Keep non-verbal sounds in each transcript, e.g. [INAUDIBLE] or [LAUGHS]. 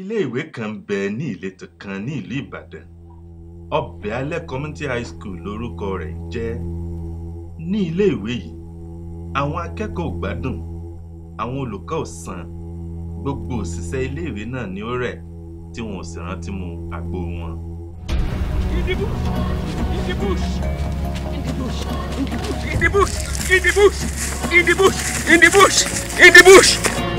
iléèwé kan ń bẹ ní ìletò kan ní ìlú ìbàdàn ọbẹ̀ alẹ́ community high school lórúkọ rẹ̀ ń jẹ́ ní iléèwé yìí àwọn akẹ́kọ̀ọ́ ò gbádùn àwọn olùkọ́ ò san gbogbo òṣìṣẹ́ iléèwé náà ni ó rẹ̀ tí wọn ò sì rántí mu àgbo wọn. ìdìbò ìdìbò ìdìbò ìdìbò ìdìbò ìdìbò ìdìbò ìdìbò ìdìbò.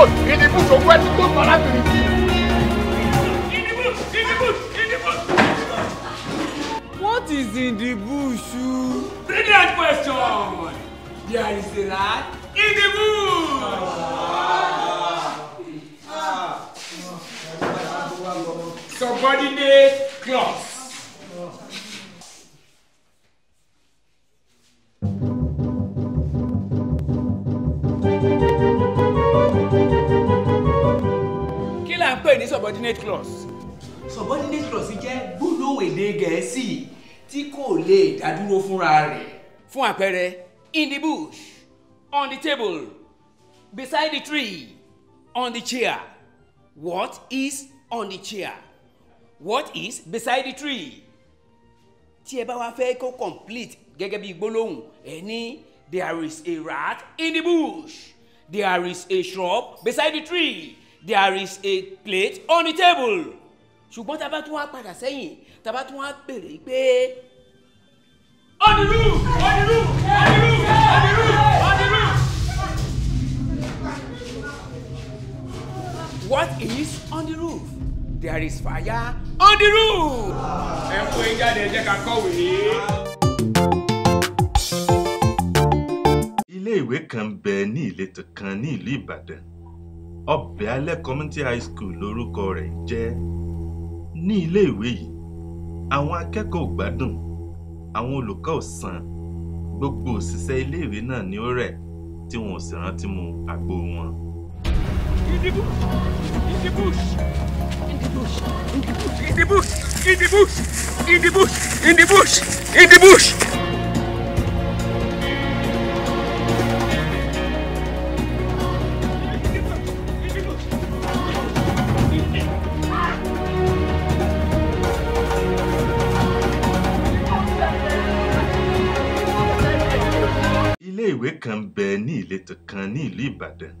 road in the bush of where to go for that to In the bush, in the What is in the bush? Brilliant question. There is a rat in the bush. Subordinate clause. ní subordinate clause. subordinate clause jẹ́ gbólóhùn èdè gẹ̀ẹ́sì tí kò lè dádúró fúnra rẹ̀. fún àpẹẹrẹ in the bush on the table beside the tree on the chair what is on the chair what is beside the tree tí ẹ bá wá fẹ́ kó complete gẹ́gẹ́ bí gbólóhùn ẹ ní there is a rat in the bush there is a shrub beside the tree there is a plate on the table ṣùgbọ́n tá a bá tún wá padà sẹ́yìn tá a bá tún wá béèrè pé. on the roof on the roof on the roof on the roof on the roof. what is on the roof there is fire on the roof. ẹ kó e jáde ẹ jẹ́ ká kọ̀wé. ilé ìwé kan bẹ ní ìletò kan ní ìlú Ìbàdàn Ọbẹ̀alẹ́ Community High School lorúkọ rẹ̀ jẹ́. Ní ilé-ìwé yìí, àwọn akẹ́kọ̀ọ́ gbádùn, àwọn olùkọ́ ò gbogbo òṣìṣẹ́ ilé-ìwé náà ni ó rẹ̀ tí wọn ò sì rántí mu àgbo wọn. In the bush! In the bush! In the bush! In the bush! In the bush! In the bush! In the bush! In the bush! ìletò kan ní ìlú Ìbàdàn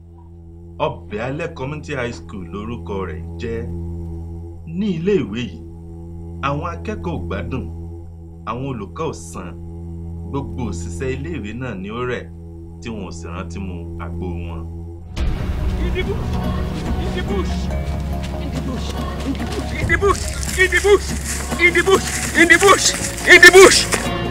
ọbẹ̀ alẹ́ community high school lórúkọ rẹ̀ jẹ́ ní ilé ìwé yìí àwọn akẹ́kọ̀ọ́ gbádùn àwọn olùkọ́ ò gbogbo òṣìṣẹ́ iléèwé náà ni ó rẹ̀ tí wọn ò sì rántí mu àgbo wọn. in the bush in the bush in the bush in the bush in the bush in the bush in the bush.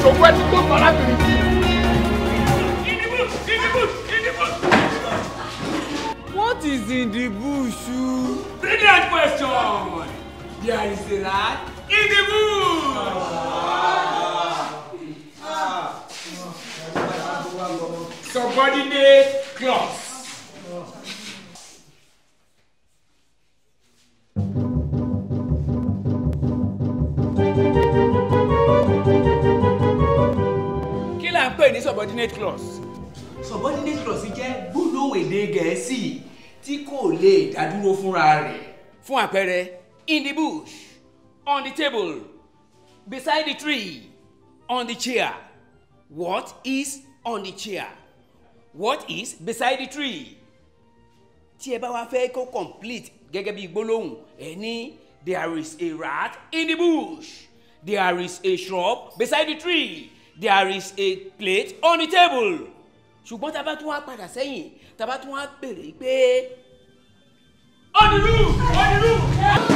ṣòwò ẹni tó tọ́ lábìrin kí. What is in the bush? Brilliant question! There is a rat in the bush! Somebody Subordinate clause. pè ní subordinate clause. subordinate clause jẹ́ gbólóhùn èdè gẹ̀ẹ́sì tí kò lè dádúró fúnra rẹ̀. fún àpẹẹrẹ in the bush on the table beside the tree on the chair what is on the chair what is beside the tree tí ẹ bá wá fẹ́ kó complete gẹ́gẹ́ bí gbólóhùn ẹ ní there is a rat in the bush there is a shrub beside the tree there is a plate on the table ṣùgbọ́n tá a bá tún wá padà sẹ́yìn tá a bá tún wá béèrè pé on the roof on the roof.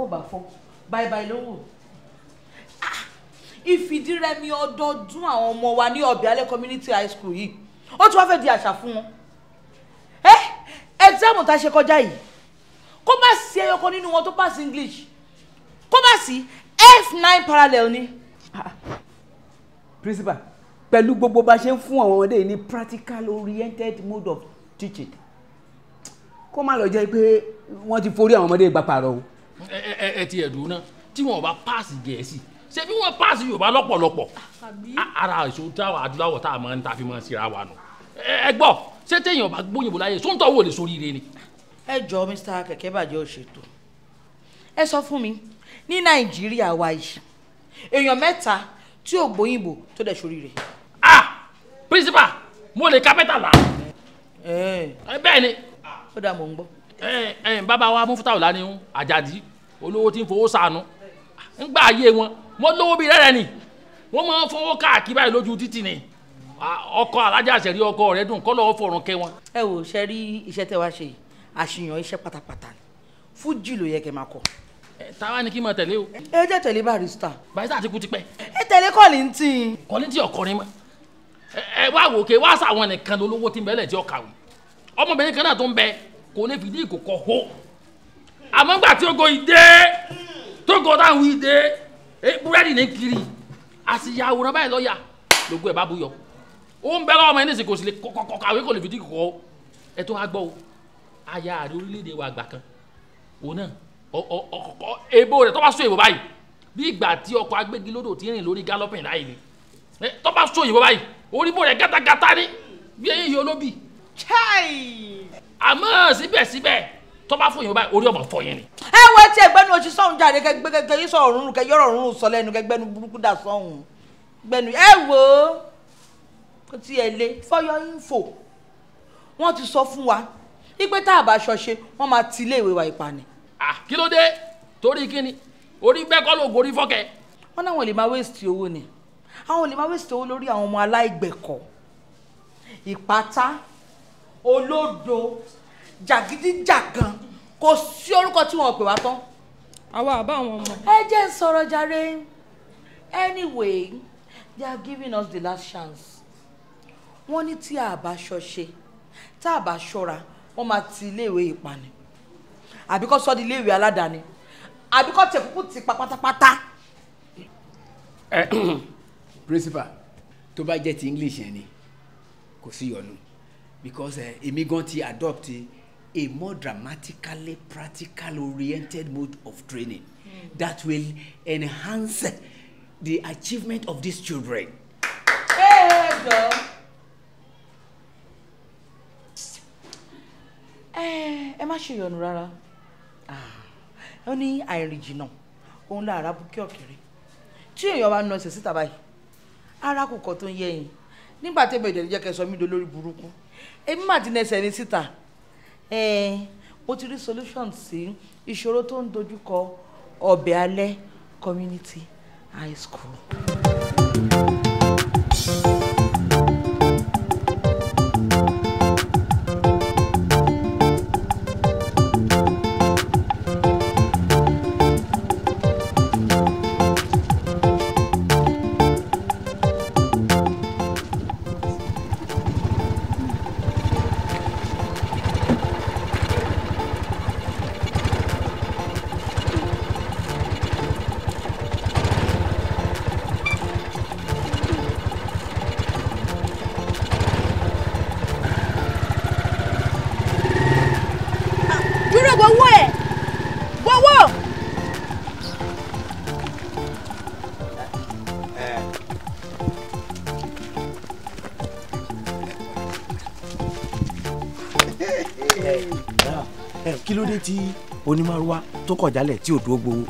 bọ́wọ́ bá fọ́ báibái ló wò. Ah, ìfìdírẹmi ọdọọdún àwọn ọmọ wa ní ọbẹ̀ alẹ́ community high school yìí ó tún wá fẹ́ di àṣà fún wọn. ẹ ẹ̀dáàmù tá a ṣe kọjá yìí kó má sí ẹyọkọ nínú wọn tó pass English kó má sí f nine parallel ni. Ah, ah. principal pẹ̀lú gbogbo bá ṣe ń fún àwọn ọmọdé yìí ní practical oriented mode of teaching kó má lọ jẹ́ pé wọ́n ti forí àwọn ọmọdé gba pààrọ̀ o ẹ ẹ ti ẹ̀dùn náà tí wọn bá páàsì gẹ̀ẹ́sì ṣé bí wọn páàsì yorùbá lọ́pọ̀lọpọ̀ ara èso táwa adúláwọ̀ tá a máa ń ta fi máa ń sira wa nù ẹ gbọ́ ṣé téèyàn bá gbóyìnbó láyé sóńtọ́ wò lè soríire ni. ẹ jọ mr kẹkẹ bàjẹ́ òṣètò ẹ sọ fún mi ní nàìjíríà wa yìí èèyàn mẹ́ta tí ò gbóyìnbó tó dẹ̀ soríire. ah principal mo lè ká mẹ́tàlá. bẹ́ẹ̀ ni. ó dà mò ń gbọ́ ẹ ẹ bàbá wa mufutau lani Àjàdí olówó tí ń fowó sànù ńgbà ayé wọn wọn lówó bíi rẹrẹ ni wọn máa ń fọwọ́ káàkiri báyìí lójú títì ni ọkọ alájà àṣẹrí ọkọ rẹ dùn kọ́ lọ́wọ́ fọ̀rùn kẹ́ wọn. ẹ wò ṣe rí iṣẹ́ tẹ́ wá ṣe yìí àṣìyàn iṣẹ́ pátápátá fújì ló yẹ kẹ́ máa kọ́. táwa ni kí n máa tẹ̀lé o. ẹ jẹ́ tẹ̀lé barista. barista ti kú tipẹ́. ẹ tẹ̀lé Kollington. Kollington ọkọrin mọ́ ẹ wá wò ó ké wá sàwọn nìkan lólówó tí ń bẹ́ẹ̀ lẹ̀ jẹ́ ọkàwé ọmọbìnrin kan náà tó ń bẹ́ẹ̀ kò ní fìdí ìkòkò hó àmọ́ gbà tí ogo ìdè tógo táwọn ìdè eh, búrẹ́dì ní kiri àsìyà àwòrán báyìí lọ́ọ̀yà lógo ẹ̀ bá bú yọ ó ń bẹ́ lọ́wọ́ ọmọ ẹni sì kò sì lè kọ̀kọ̀ kàwé kò lè fìdí ìkòkò hó ẹ tó wá gbọ́ o aya àrí orílẹ̀-èdè wa àgbà kan òun náà ọkọ̀ ebo rẹ̀ tó bá sún èbó báyìí bí ìgbà tí ọkọ̀ agbégilódò ti rìn lórí galloping láyé ni tó bá sún èbó báyìí orí bò rẹ̀ gátagátá ni bí eyín yìí olóbì. chai àmọ́ síbẹ̀síbẹ̀ tó bá fún yín báyìí orí ọmọ fọ yín ni. ẹ wọ ẹtí ẹgbẹnu oṣù sọhún jáde kẹgbẹkẹ yín sọ̀rọ̀ òórùn kẹ yọrọ òórùn sọ lẹ́nu kẹgbẹnu burúkú dà sọhún gbẹnu ẹ wo. ó kó tiẹ̀ lé fọyọ info wọ́n ti sọ fún wa ipe tá a bá ṣọṣe wọ́n máa ti ilé ìwé wa ìpànì. kí ló dé torí kí ni orí gbẹ́kọ́ ló gorí fọ́kẹ́. wọ́n náwọn lè máa wéèsì owó ni àwọn lè máa wéèsì owó lórí àwọn ọmọ aláìgbẹ̀kọ́ ìpátá olódo jàgídíjàgan kò sí orúkọ tí wọn pè wá tán. àwa àbá àwọn ọmọ. ẹ jẹ́ ń sọ̀rọ̀ jàre anyway they are giving us the last chance wọ́n ní tí a bá ṣọṣe tá a bá ṣọ́ra wọ́n máa ti iléèwé ìpani àbí kó sọ di iléèwé aládàáni àbí kó tẹ̀ kúkú ti pa pátápátá. Eh, [CLEARS THROAT] principal tó bá jẹ́ ti english yẹn ni kò sí yọnu because eh, èmi gan adopt a more dramatically practical oriented mode of training mm. that will enhance the achievement of these children. Eh, ẹ má ṣe ìyọnu rárá ah, ó ní àìrìn jìnnà òun lára búkẹ́ ọ̀kẹ́rẹ́ tí èèyàn bá na ẹsẹ̀ síta báyìí ara kò kọ́ tó ń yẹ̀yìn nígbà tẹ́bẹ̀ẹ́dẹ̀ jẹ́ kẹsàn-án mi dolórí burúkú èmi mà ti nẹsẹ̀ ní síta mo ti rí solution sí ìṣòro tó ń dojúkọ ọbẹ̀ alẹ́ community high school. dé tí onímọ̀rúwá tó kọ̀ jálẹ̀ tí ò dúró gbowó.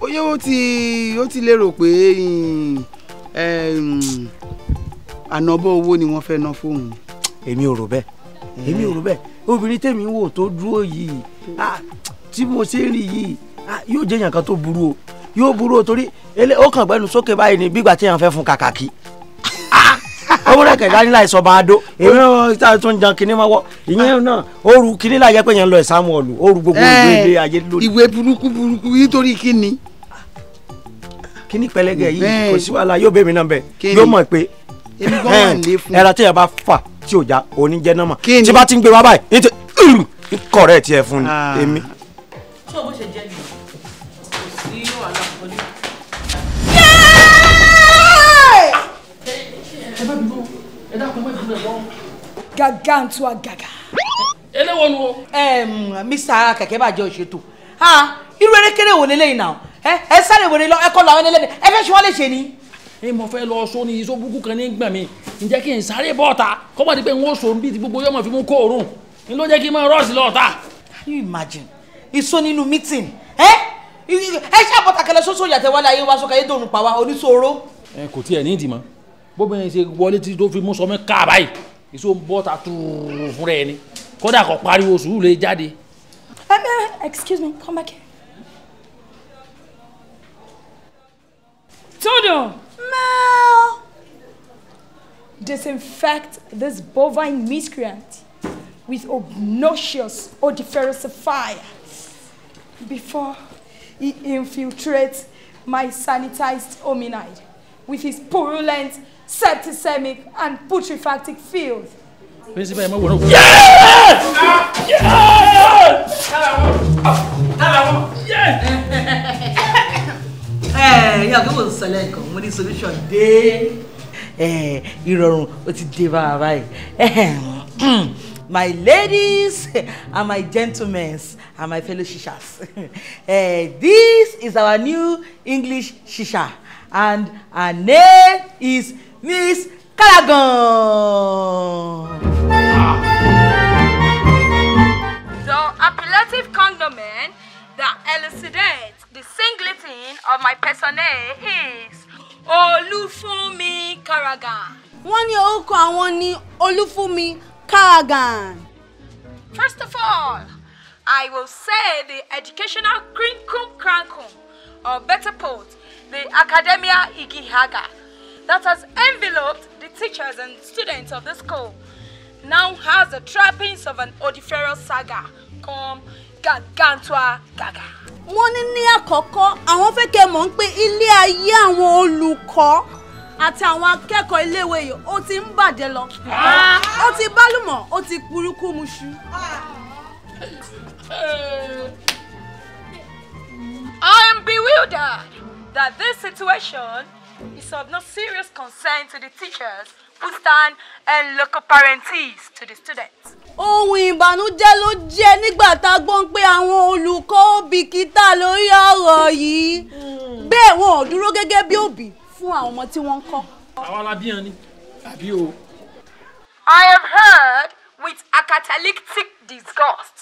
Oye ah, ó ti ó ti lérò pé ehm, ànábọ̀ owó ni wọ́n fẹ́ ná fóun. èmi ò rò bẹ́ẹ̀ èmi ò rò bẹ́ẹ̀ obìnrin tèmi wò tó dúró yìí ah, tí mo ṣe ń rí yìí ah, yóò jẹ́ èèyàn kan tó burú o yóò burú o torí ó kàn gbẹnu sókè báyìí ni bí ìgbà tí èèyàn fẹ́ fún kàkàkí awúrẹ́ kẹ̀kẹ́ ní láì sọ bá a náà ta tún jan kinní máa wọ ìyẹn náà ooru kinní láì jẹ́ pé yẹn lọ ẹ̀sán wọ̀lù ooru gbogbo ìwé ayé lónìí. ìwé burúkú burúkú nítorí kíni. kíní pẹlẹgẹ yìí kò sí wàhálà yóò bẹ mi náà bẹ yóò mọ̀ pé ẹ̀rọ tí yẹn bá fà tí ò já oníjẹ náà mọ̀ tí bá ti ń gbé wá báyìí kọ̀rẹ́ tiẹ̀ fún ah. mi gàgàǹtù àgàgà. eléwo nu mr kẹ̀kẹ́ bàjẹ́ òṣètò irú erékeré wo lélẹ́yìn náà ẹ sáré wèrè lọ ẹ kọ́ lọ àwọn ẹlẹ́lẹ́ni ẹ fẹ́ ṣe wọ́n lè ṣe ni. ẹ mọ fẹ́ lọ sọ ni iṣó burúkú kan ní gbà mí ǹjẹ́ kí n sáré bọ́ ọ̀ta kọ́mọ̀ ti pé n ó sọ bí ti gbogbo yọmọ fi mú kóòrùn n ló jẹ́ kí n máa rọ́ọ̀sì lọ ọ̀ta. can you imagine iṣó nínú meeting ẹ ẹ ṣe àbọ̀tà kẹlẹ ṣoṣo yàtẹ̀wálé ayé wa sọ kàyé dòrùn pàwa oníṣòro. ẹ kò tiẹ̀ ní ìdìmọ̀ bó bẹ́ẹ̀ ṣe wọlé tí tó fi mú sọmí káà èso ń bọ́ ta tuuru fúnra ẹni kódà kò pariwo sùúrù lè jáde. Eh, eh, excuse me come back here. Todo! Mel! Disinfect this bovine miscreant with obnoxious odiferous fire before he infiltrates my sanitized hominid with his purulent septicemic, and putrefactic filth. Principal, ẹ má wọ̀rọ̀ Yes! Ẹ yàgò wò ṣẹlẹ̀ nǹkan, mo ní solution dé. Eh, ìrọ̀rùn ó ti dé bá a báyìí. Eh, [CLEARS THROAT] my ladies and my gentlemen and my fellow shishas. uh, [LAUGHS] this is our new English shisha and her name is Miss Callaghan. So, appellative cognomen that elucidates the singleton of my personae is Olúfúnmi Callaghan. Wọ́n ní orúkọ àwọn ni Olúfúnmi Callaghan. First of all, I will say the educational crinkum crankum, or better put, the academia igihaga that has enveloped the teachers and students of the school now has the trappings of an odiferous saga come gargantua gaga. wọ́n ní ní àkọ́kọ́ àwọn fẹ́ kẹ́ mọ̀ ń pé ilé ayé àwọn olùkọ́ àti àwọn akẹ́kọ̀ọ́ iléèwé yìí ó ti ń bàjẹ́ lọ ah. ó ti bálùmọ̀ ó ti burúkú muṣu. Eh. I am bewildered that this situation is of no serious concern to the teachers who stand and local parentees to the students. ohun ìbànújẹ́ ló jẹ́ nígbà tá a gbọ́n pé àwọn olùkọ́ bìkítà lórí ọ̀rọ̀ yìí bẹ́ẹ̀ wọn ò dúró gẹ́gẹ́ bí òbí fún àwọn ọmọ tí wọ́n ń kọ́. àwa la bí yan ni àbí o. I have heard with acatalectic disgust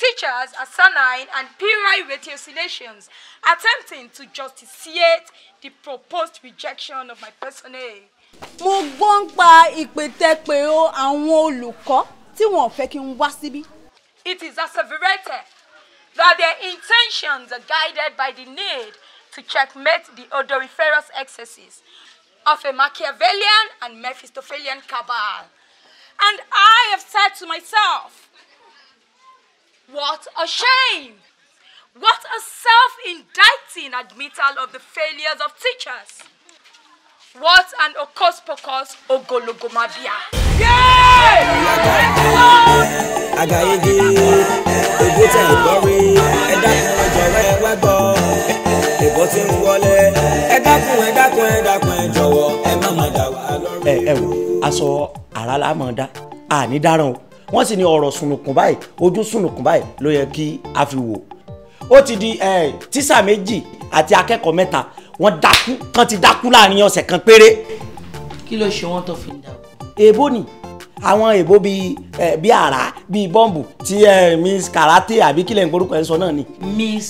teachers are asinine and puerile ratiocinations attempting to justiciate the proposed rejection of my personnel. mo gbọ́ ń pa ìpètẹ́pẹ́ o àwọn olùkọ́ tí wọ́n fẹ́ kí n wá síbí. It is asseverated that their intentions are guided by the need to checkmate the odoriferous excesses of a Machiavellian and Mephistophelian cabal. And I have said to myself, what a shame! What a self-indicting admittal of the failures of teachers. What an okos pokos ogologomabia. Àgàyègè ègbótẹ̀ ìgbọ́wé ẹ̀dá kan jọ̀wọ́ ẹ wá gbọ́. Èbó ti ń wọlé ẹ dákun ẹ dákun ẹ dákun ẹ jọ̀wọ́ ẹ má má dà wá lọ́rùn. Ẹ ẹ wò aṣọ àrà máa dá àní dáràn o wọ́n sì ní ọ̀rọ̀ sunukun báyìí ojú sunukun báyìí ló yẹ kí a fi wò ó ti di tíṣà méjì àti akẹ́kọ̀ọ́ mẹ́ta wọ́n dákú kan ti dákú láàrin ọ̀sẹ̀ kan péré. kí ló ṣe wọ́n tó fi ń dà o. èèbó ni àwọn èèbó bíi bíi àrá bíi bọ́ǹbù ti miss karate àbí kílẹ̀ ń gorúkọ ẹ̀ sọ náà ni. miss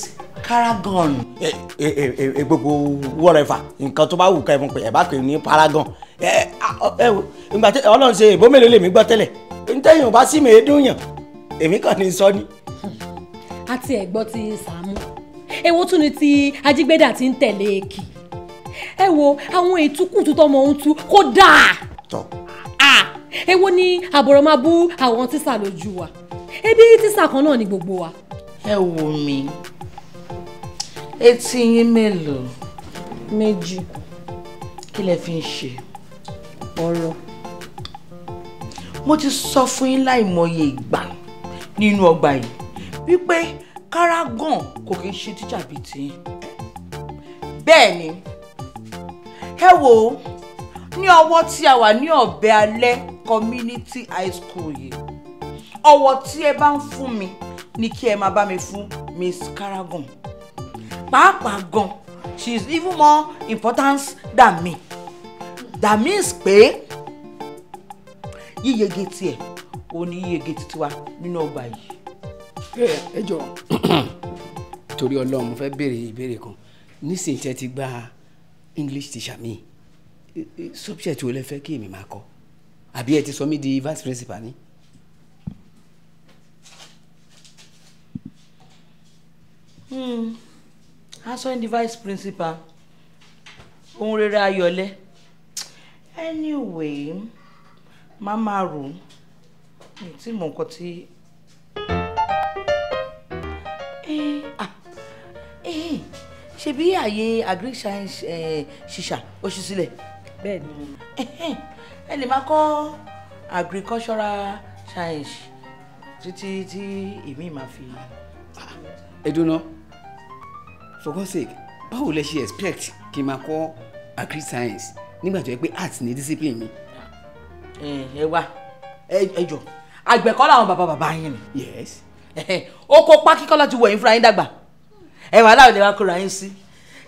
paragon. ẹ ẹ ẹ gbogbo wọ́rẹ́fà nǹkan tó bá wù ká ẹ mọ̀ pé ẹ bá pè ní paragon ẹ ẹ ìgbà tí ọlọ́run ṣe èèbó mélòó lèmi gbọ́ tẹ́lẹ̀ ntẹ́yìn ò bá sí mèédúnyàn èmi kàn ní sọ ni àti ẹ̀gbọ́n ti Sàámú Ewo tún ni ti ajígbẹ́dà ti ń tẹ̀lé èkì ẹ wo àwọn ìtukùtù tọmọ ń tu kó dáa èwo ni àbọ̀rọ̀ máa bú àwọn tíṣà lójú wa ebi tíṣà kan náà ni gbogbo wa. ẹ wo mi etí yín mélòó méjì kí lẹ fi ń ṣe ọ̀rọ̀ mo ti sọ fún yín láìmọye ìgbà nínú ọgbà yìí wípé Karagan kò kí ń ṣe tíjà bíi tiyín bẹ́ẹ̀ ni ẹ wò ó ní ọwọ́ tí a wà ní ọ̀bẹ alẹ́ community high school yìí ọwọ́ tí ẹ bá ń fún mi ni kí ẹ máa bá mi fún Miss Karagan pàápàá gan she is even more important than me that means pé yíyege tiẹ̀ ò ní yíyege titiwa nínú ọgbà yìí ẹ jọ torí Ọlọ́run mo fẹ́ béèrè ìbéèrè kan nísìnyí tẹ́ ti gba English teacher mi subject wo lẹ fẹ́ kí èmi máa kọ́ àbí ẹ ti sọ mí di vice principal ni. Hmm. aṣọ ní vice principal ohun rere ayọ̀lẹ́ anyway má máa rò ó tí mò ń kọ́ tí ṣe bí àyè agric science eh, ṣìṣà ó ṣí sílẹ̀. bẹ́ẹ̀ni. ẹ lè máa kọ́ agricultural science títí tí èmi máa fi. ẹ dúná for God's sake báwo lẹ ṣe expect kí n máa kọ́ agric science nígbà tó yẹ pé art ní discipline mi. ẹ wá ẹ jọ àgbẹ̀ kọ́ làwọn bàbá bàbá yín ni. yes. oko pákíkọ́ láti wọ̀ yín fúnra yín dàgbà ẹ wàhálà ò lè wá kóra yín sí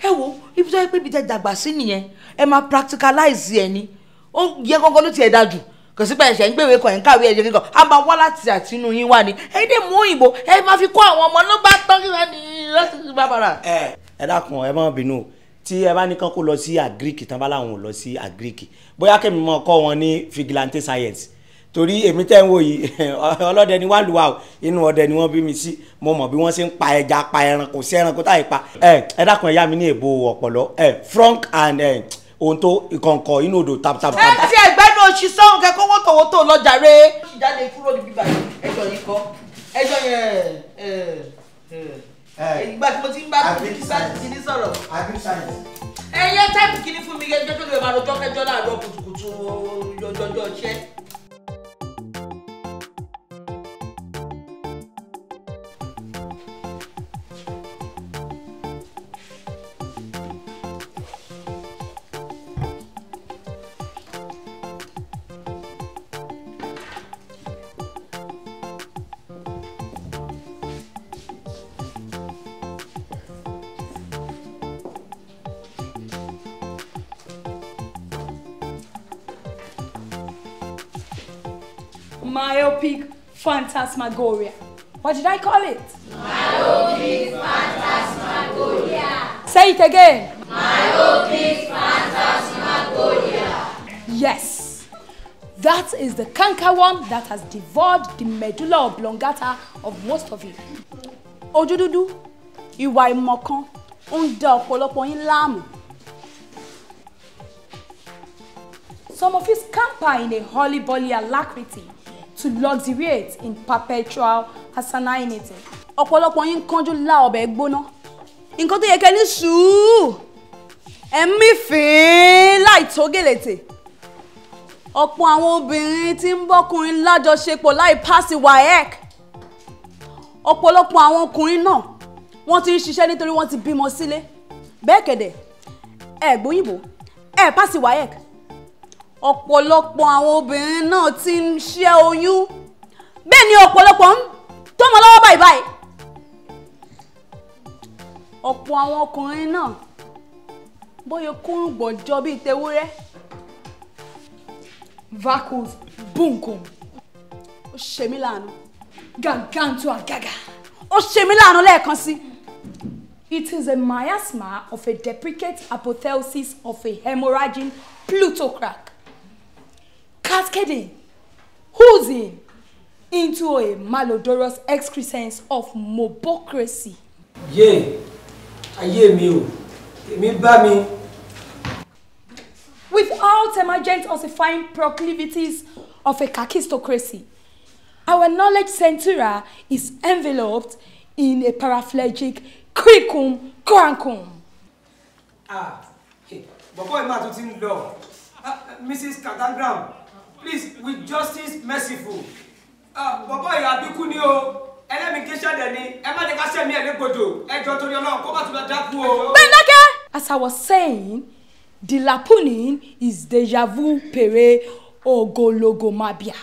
ẹ wo ibi tó yẹ pé ibi tẹ dàgbà sí nìyẹn ẹ máa practicalize ẹ ni ó yẹ kankan ló tiẹ̀ dájú kò sí pé ẹ̀ṣẹ̀ ń gbèwé kan ẹ̀ ń kàwé ẹ̀jẹ̀ kíkan a máa wá láti àtinú yín wá ni ẹ dé mú òyìnbó ẹ máa fi kó àwọn ọmọ náà bá tán kí wọ́n ní lọ́sí bàbàrà. ẹ ẹ dákun ẹ má bínú tí ẹ bá ní kán kó lọ sí agric tán bá láwọn ò lọ sí agric bóyá kẹ́mi mọ́ kọ́ wọn ní vigilante science torí èmi tẹ́ ń wò yìí [LAUGHS] ọlọ́dẹ ni wàá lùwà o inú ọdẹ ni wọ́n bí mi sí mo mọ̀ bí wọ́n ṣe ń pa ẹja pa ẹran kò sí ẹran kó táyì pa ẹ ẹ dákun ẹ̀yà mi ní èbó ọ̀pọ̀lọ́ ẹ frank and ẹ ohun tó ìkọ̀ǹkọ̀ inú odò tap tap tap. ẹ ti ẹgbẹ́nu oṣù sọ́hún kẹ́kọ́ wọ́n tòwó tó lọ́jà rẹ. jáde kúrò níbí báyìí ẹjọ́ yìí kọ́ ẹjọ́ yẹn ẹ ẹ ìgbà tí mo ti ń bá kìíní sọ̀rọ̀. ẹyẹ táìpù kìíní fún mi gẹ́gẹ́ tó lè máa rojọ́ kẹjọ́ láàárọ̀ kùtùkùtù ọjọ́jọ́ ṣẹ́. phantasmagoria. What did I call it? Myopic phantasmagoria. Say it again. Myopic phantasmagoria. Yes. That is the canker one that has devoured the medulla oblongata of most of you. Ojú dúdú, ìwà ìmọ̀kan, ó ń da ọ̀pọ̀lọpọ̀ yín láàmú. Some of you scamper in a holly-bolly alacrity to luxuriate in perpetual hasanainity. ọ̀pọ̀lọpọ̀ yín kánjú lá ọbẹ̀ gbóná nǹkan tó yẹ kẹ́ ní sùúrù ẹ̀mí fín láì tó gèlètè ọ̀pọ̀ àwọn obìnrin tí ń bọ́kùnrin lájọṣepọ̀ láì pàṣẹ waec ọ̀pọ̀lọpọ̀ àwọn ọkùnrin náà wọ́n ti ń ṣiṣẹ́ nítorí wọ́n ti bímọ sílé bẹ́ẹ̀ kẹ̀dẹ̀ ẹ̀ gbóyìnbó ẹ̀ pàṣẹ waec ọ̀pọ̀lọpọ̀ àwọn obìnrin náà ti ń ṣẹ́ oyún bẹ́ẹ̀ ni ọ̀pọ̀lọpọ̀ ń tọ́mọ lọ́wọ́ báyìí báyìí ọ̀pọ̀ àwọn ọkùnrin náà bóyá kúrúgbọ̀n jọ bíi tewúrẹ́ vacuus bunkum ó ṣe mí láàánú gàǹgàǹtò àgàgà ó ṣe mí lẹ́ẹ̀kan sí. It is a miasma of a deprecate apotheosis of a hemorrhaging plutocrat. cascading oozing into a malodorous excrescence of mobocracy. yé ayé mi o èmi bá mi. without emergent ossifying proclivities of a kakistocracy our knowledge centura is enveloped in a paraplegic cricum crankum. ah eh, bọ̀bọ̀ ẹ̀ máa tún ti ń lọ ah, eh, mrs katagram please with justice merciful. Ah, bọ́bọ́ ìyá àbíkú ni o ẹlẹ́mìí kéṣẹ́ dẹ̀ ni ẹ má ní ká sẹ́mi ẹ̀ légbodò ẹjọ́ torí ọlọ́run kó bá tún lọ dákú o. gbẹ̀ndẹ́kẹ́. as i was saying the lapunin is deja vu pere ogologo mabia.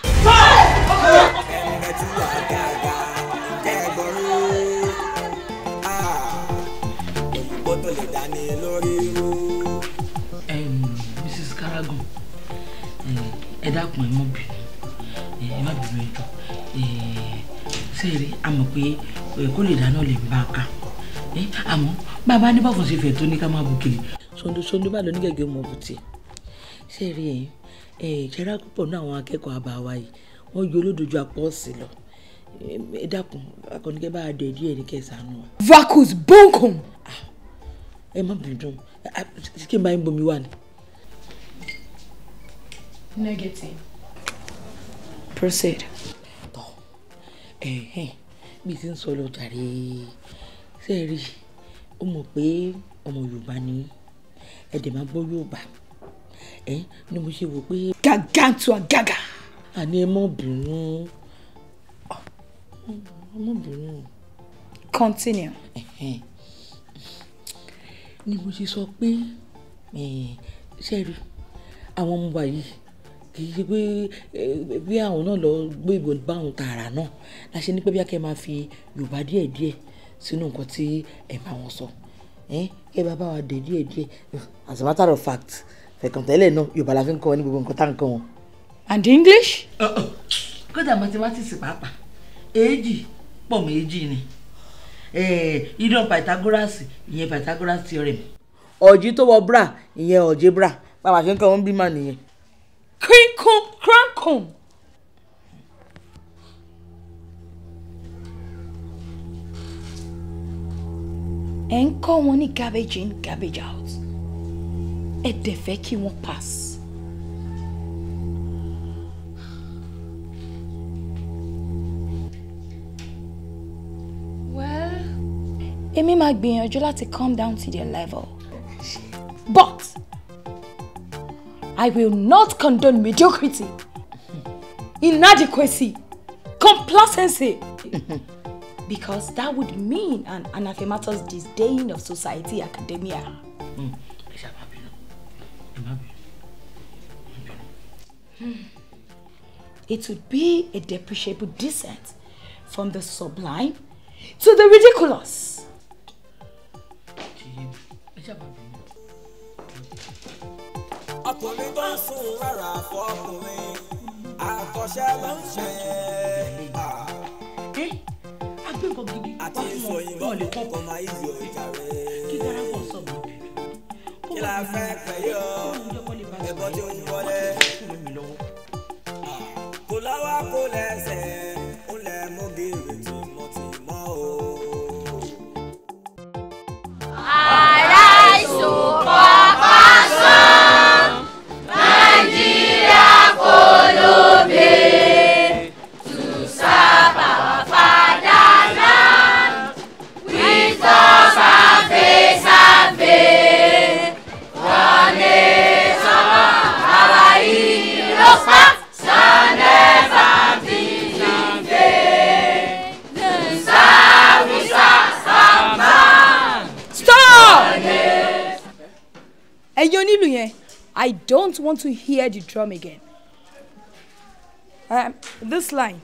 dákun ẹ mọ bí ẹ má bínú ẹjọ sẹẹrí a mọ pé kó lè dáná lè bá a kàn àmọ́ bàbá ní báfọ̀ ṣe fẹ̀ tó ní ká máa bù kiri. sondo sondo bá lọ ní gẹ́gẹ́ ọmọ bùtì ṣe rí ẹ̀yìn ẹ̀ jẹ́rà púpọ̀ náà àwọn akẹ́kọ̀ọ́ àbáwá yìí wọ́n yọ olódojú apọ́ọ̀sì lọ ẹ dákun akọ̀nìkẹ́ bá a dọ̀ ẹ̀dí ẹ̀rí kẹsàn-án wa. vacuus bunkum. Ah, ẹ má bínú kí n bá yín bomi wá ni. Negative. Proceed. Tọ́ ẹ̀hẹ́n bí ti ń sọ lọ jàre ṣe rí ó mọ̀ pé ọmọ Yorùbá ni ẹ̀dẹ̀ máa gbọ́ Yorùbá ẹ̀ ni mo ṣe wò pé gàgàntua gàgà àní ẹ mọ̀ bínú ah, ẹ mọ̀ bínú. Continue. ni mo ṣe sọ pé ṣe rí àwọn ọmọ wa yìí kì í ṣe pé bí àwọn náà lọ gbé ìbò báwọn tààrà náà la ní pé bí akẹ́ máa fi yorùbá díẹ̀ díẹ̀ sínú nǹkan tí ẹ̀ bá wọn sọ kẹ́ bá bá wa dé díẹ̀ díẹ̀ as a matter of fact fẹ̀kàntẹ́lẹ̀ náà yorùbá la fi ń kọ́ ní gbogbo nǹkan tá à ń kọ́ wọn. and english. kódà mathematics pàápàá èjì pọ̀ méjì ni idán pythagoras ìyẹn pythagoras theorem. ọ̀jì tó wọ bra ìyẹn ọ̀jẹ̀ bra bàbá ṣe ń kọ́ wọn bí mà nìyẹn kínkún krankún. ẹ ń kọ́ wọn ní garbage in garbage out ẹ the fẹ́ kí wọ́n pass. well Amy èmi máa gbìyànjú to come down to their level but I will not condone mediocrity, inadequacy, complacency. [LAUGHS] because that would mean an anathematus disdain of society academia. It would be a depreciable descent from the sublime to the ridiculous. ọkùnrin tó ń sùn rárá fọkùnrin àkọsẹ́ ló ń ṣe. agbẹ́kọ̀ọ́ gidi àti ìsọyìnbó kò máa yí yọ ìjàre. kí darapọ̀ sọ mọ́ kí la fẹ́ pẹ̀ yọ ẹ̀bọ́n tí ó ń wọlé kò láwa kò lẹ́sẹ̀. I don't want to hear the drum again. Um, this line,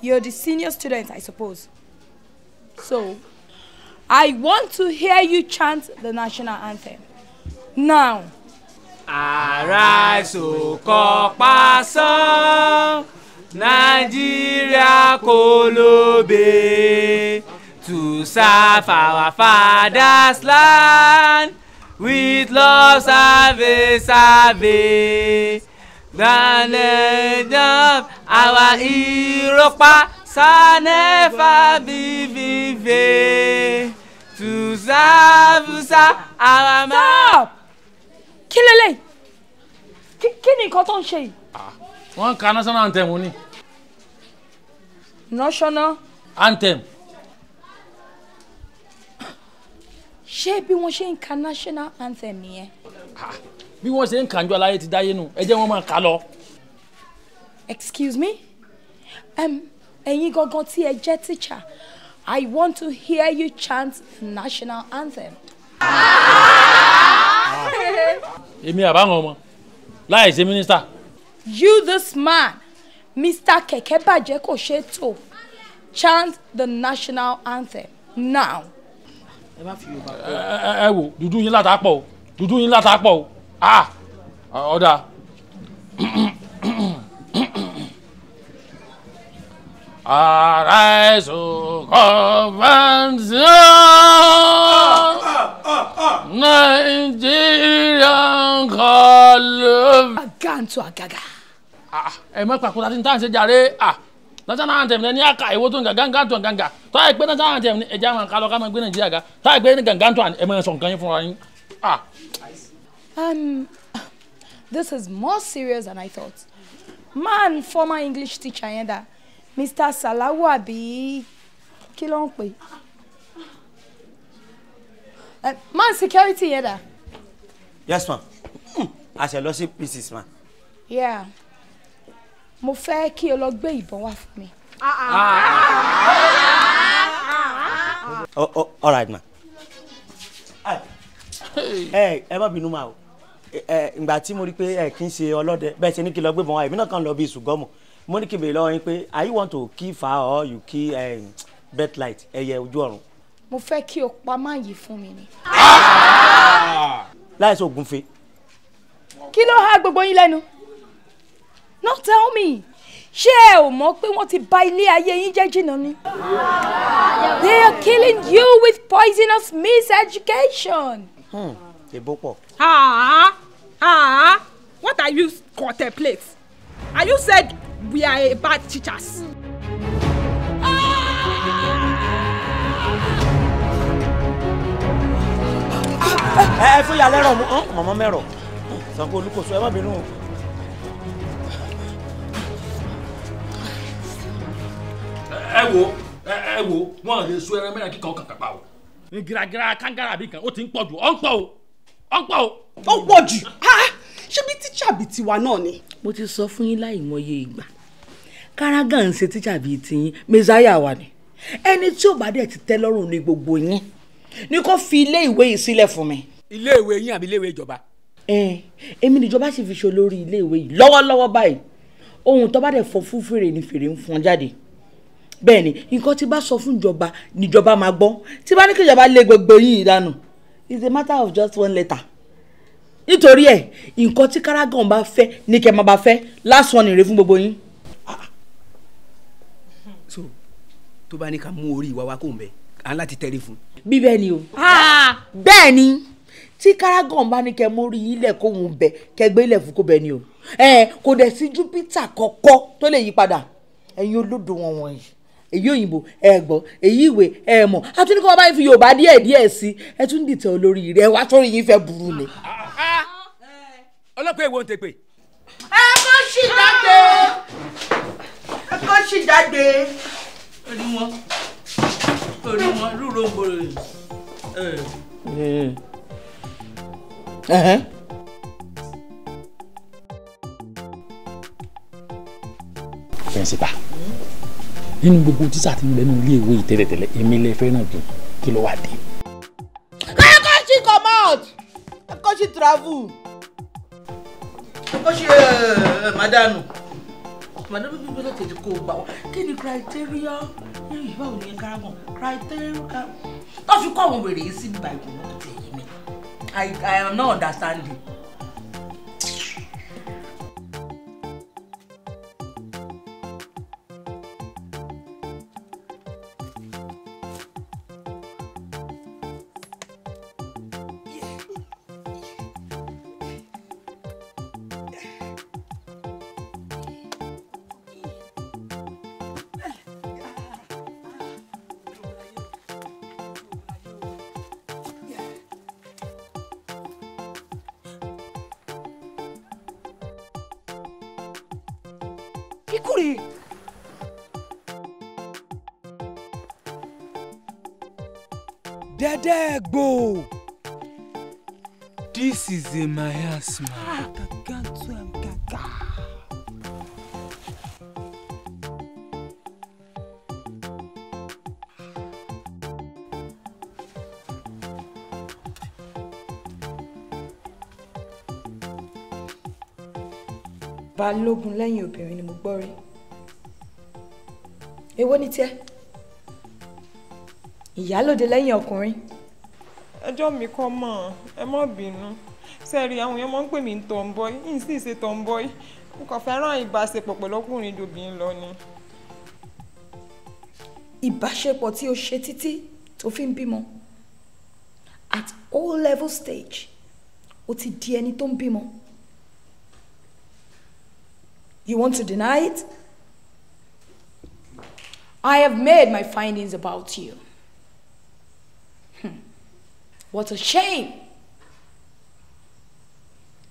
you're the senior student, I suppose. So, I want to hear you chant the national anthem. Now. Arise, O kọ́pá sán, Nàìjíríà to serve our father's land with love survey survey knowledge of our hero, Europa shall never be vive to serve our mouth. kí lélẹ̀ kí ni nǹkan tó ń ṣe yìí. wọ́n ń ka national anthem ni. national anthem. ṣé bí wọ́n ṣe ń ka national anthem yẹn. bí wọ́n ṣe ń kànjú aláyé ti dáyé nu ẹ jẹ́ wọ́n máa kà lọ. excuse me um, ẹ̀yin um, gangan tí ẹ jẹ́ teacher I want to hear you chant the national anthem. èmi àbáwọn ọmọ láì ṣe mínísítà. you this man mr kẹ̀kẹ́ bàjẹ́ kò ṣeé tó chant the national anthem now ẹ má fi yorùbá kọ. ẹ wo dúdú yín láta pọ̀ o dúdú yín láta pọ̀ o ah ọ̀dà arise o convention Nigerian kọlu. àgàntú àgàgà. ẹ mọ̀ pàkó láti ní tá à ṣe jàre national anthem ní aka ìwo tó ń gàgán gàtò gàgà tó àyè pé national anthem ní ẹja máa ń kálọ ká máa gbé nàìjíríà ga tó àyè pé ní gàgán tó ẹ máa sọ nǹkan yín fúnra yín. Ah. Um, this is more serious than I thought. Man, former English teacher yẹn Mr. Salawu àbí kí ló ń eh, Man security yẹn Yes ma'am, hmm, a ṣe lọ sí pieces ma'am. Yeah mo fẹ́ kí o lọ gbé ìbọn wá fún mi. Oh, oh, all right ma ẹ ẹ má bínú ma o ìgbà tí mo rí pé ẹ kì í ṣe ọlọ́dẹ bẹ́ẹ̀ ṣe ní kí n lọ gbé ìbọn wá èmi náà lọ bí ìṣùgọ́mù mo ní kí n bèrè lọ́wọ́ yín pé i want to kill fa or you kill bet light ẹyẹ ojú ọ̀run. mo fẹ́ kí o pa máa yìí fún mi ni. láìsí ògúnfe. kí ló há gbogbo yín lẹ́nu now tell me ṣé ẹ ò mọ̀ pé wọ́n ti bà ilé ayé yín jẹ́ jìnnà ni. they are killing you with poisonous miseducation. Hmm, èbó pọ̀. ah ah what are you contemplate are you said we are a bad teachers. Mm. ẹ fún yàrá ẹ̀rọ mọ́mọ́ mẹ́rọ sango olùkóso ẹ má bínú o. ẹ wo ẹ wo wọn lè so ẹran mẹ́rin kíkan kankan pa o. gíragíra kángárà bí kan ó ti ń pọ̀ jù ọ̀ ń pọ̀ o ọ̀ ń pọ̀ o. ó pọ̀ jù ṣé bí tíṣà bíi tiwa náà ni. mo ti sọ fún yín láì mọye ìgbà kárágà ń ṣe tíṣà bíi tiyín mẹ́sáyà wà ní ẹni tí ò bá dẹ̀ ti tẹ́ lọ́rùn ní gbogbo yín ni kò fi ilé ìwé yìí sílẹ̀ fún mi. ilé ìwé yín àbí ilé ìwé ìjọba. ẹ èmi níjọba sì fi ṣe olórí ilé ìwé yìí lọ́wọ́lọ́wọ́ báyìí ohun tó bá dẹ̀ fọ fún fèrè ni fèrè ń fọn jáde bẹ́ẹ̀ ni nǹkan tí bá sọ fún ìjọba níjọba máa gbọ́ tí bá ní kí ìjọba lé gbogbo yìí dànù it's a matter of just one letter nítorí ẹ nǹkan tí kárágàn bá fẹ́ ní kẹ́ máa bá fẹ́ lásán nìre fún gbogbo yín. Ah, ah. so tó bá ní ká mú orí ìwà wa kò ń bẹ à ń láti tẹrí fún. bí bẹ́ẹ̀ ni o. Ah. bẹ́ẹ̀ ni tí kárágàn bá ní kẹ́ mú orí ilẹ̀ kó ń bẹ kẹ́ gbé ilẹ̀ fún kó bẹ́ẹ̀ ni o. kò dẹ̀ sí júpítà kọ́kọ́ tó lè yí padà ẹ̀yin olódò wọn wọ̀nyí èyí òyìnbó ẹ gbọ́ èyí ìwé ẹ mọ̀ àtúndínkọ́ bá fi yorùbá díẹ̀ díẹ̀ sí ẹ tún dìtẹ̀ olórí rẹ wá sórí yín fẹ́ burú ni. ọlọ́pàá èwo ń tèpè. ẹ kọ́ sí jáde ẹ kọ́ sí jáde orí wọn orí wọn rúro ń borò yìí. principal nínú gbogbo tíṣà tí ń bẹ nínú ilé ìwé ìtẹ́lẹ̀tẹ́lẹ̀ èmi lè fẹ́ràn jù kí ló wà dé. kọ́kọ́ ṣì comot kọ́kọ́ ṣì travel kọ́kọ́ ṣì eh, eh, madanu madanu bí bíbélì tètè kó o gbà wá kí ni criteria yìí báwo ni karagun criteria tó fi kọ́ àwọn wèrè yìí sí bíbá ìgbìmọ̀ tẹ̀yìn mi I am not understanding. this man. Gàgà tó ẹ̀ gàgà. balógun lẹ́yìn obìnrin ni mo gbọ́ rí èwo ni tiẹ̀ ìyálòde lẹ́yìn ọkùnrin. ẹjọ́ mi kọ́ mọ̀ ẹ má bínú sẹ́ẹ̀rì àwọn èèyàn máa ń pè mí ní tomboy yìí sì ṣe tomboy n kò fẹ́ràn ìbáṣepọ̀ pẹ̀lú ọkùnrin dòbìnrin lọ ni. ìbáṣepọ̀ tí o ṣe títí tó fi ń bímọ at all level stage o ti di ẹni tó ń bímọ you want to deny it? I have made my findings about you. Hmm. What a shame!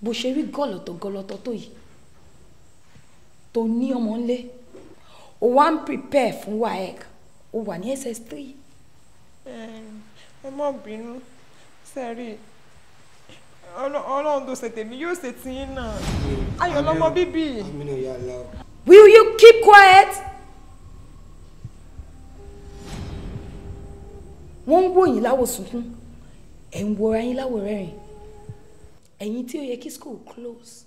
bó ṣe rí gọlọtọ gọlọtọ tó yìí tó ní ọmọ ńlẹ o wá ń prepare fún waec o wà ní ss3. ẹ má bínú sẹ́rí ọlọ́run tó ṣe tèmi yóò ṣe tiyín náà ayọ̀ lọ́mọ bíbí. will you keep quiet. wọ́n ń wò yín láwò sunkún ẹ̀ ń wọra yín láwò ẹ̀yin tí ó yẹ kí school close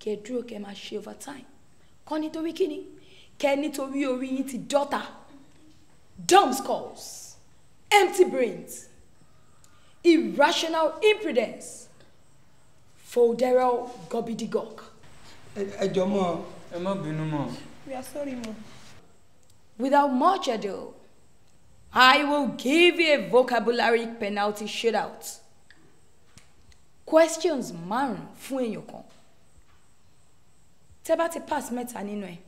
kẹ́ dúró kẹ́ máa ṣe overtime kọ́ nítorí kíni kẹ́ nítorí orí yín ti dọ́ta dumb skulls empty brains irrational impudence folderal gobbledygook. ẹ jọ mọ ẹ má bínú mọ́. we are sorry mọ́. without much ado i will give you a vocabulary penalty shootout questions márùn fún èèyàn kan tẹ́ bá ti pass mẹ́ta nínú ẹ̀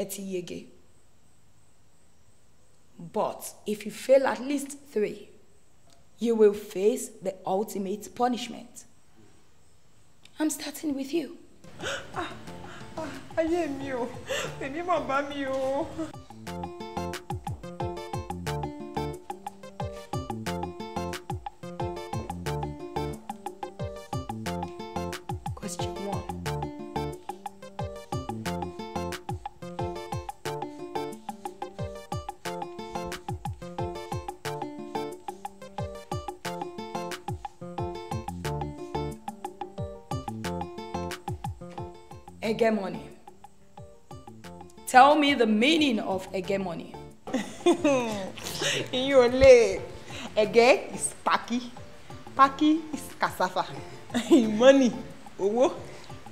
ẹ ti yege but if you fail at least three you will face the ultimate punishment i'm starting with you. [GASPS] Ah, ah, ayé mi o èmi màmá mi o. hegemony? Tell me the meaning of hegemony. [LAUGHS] In your leg, ege is paki, paki is cassava. money, owo.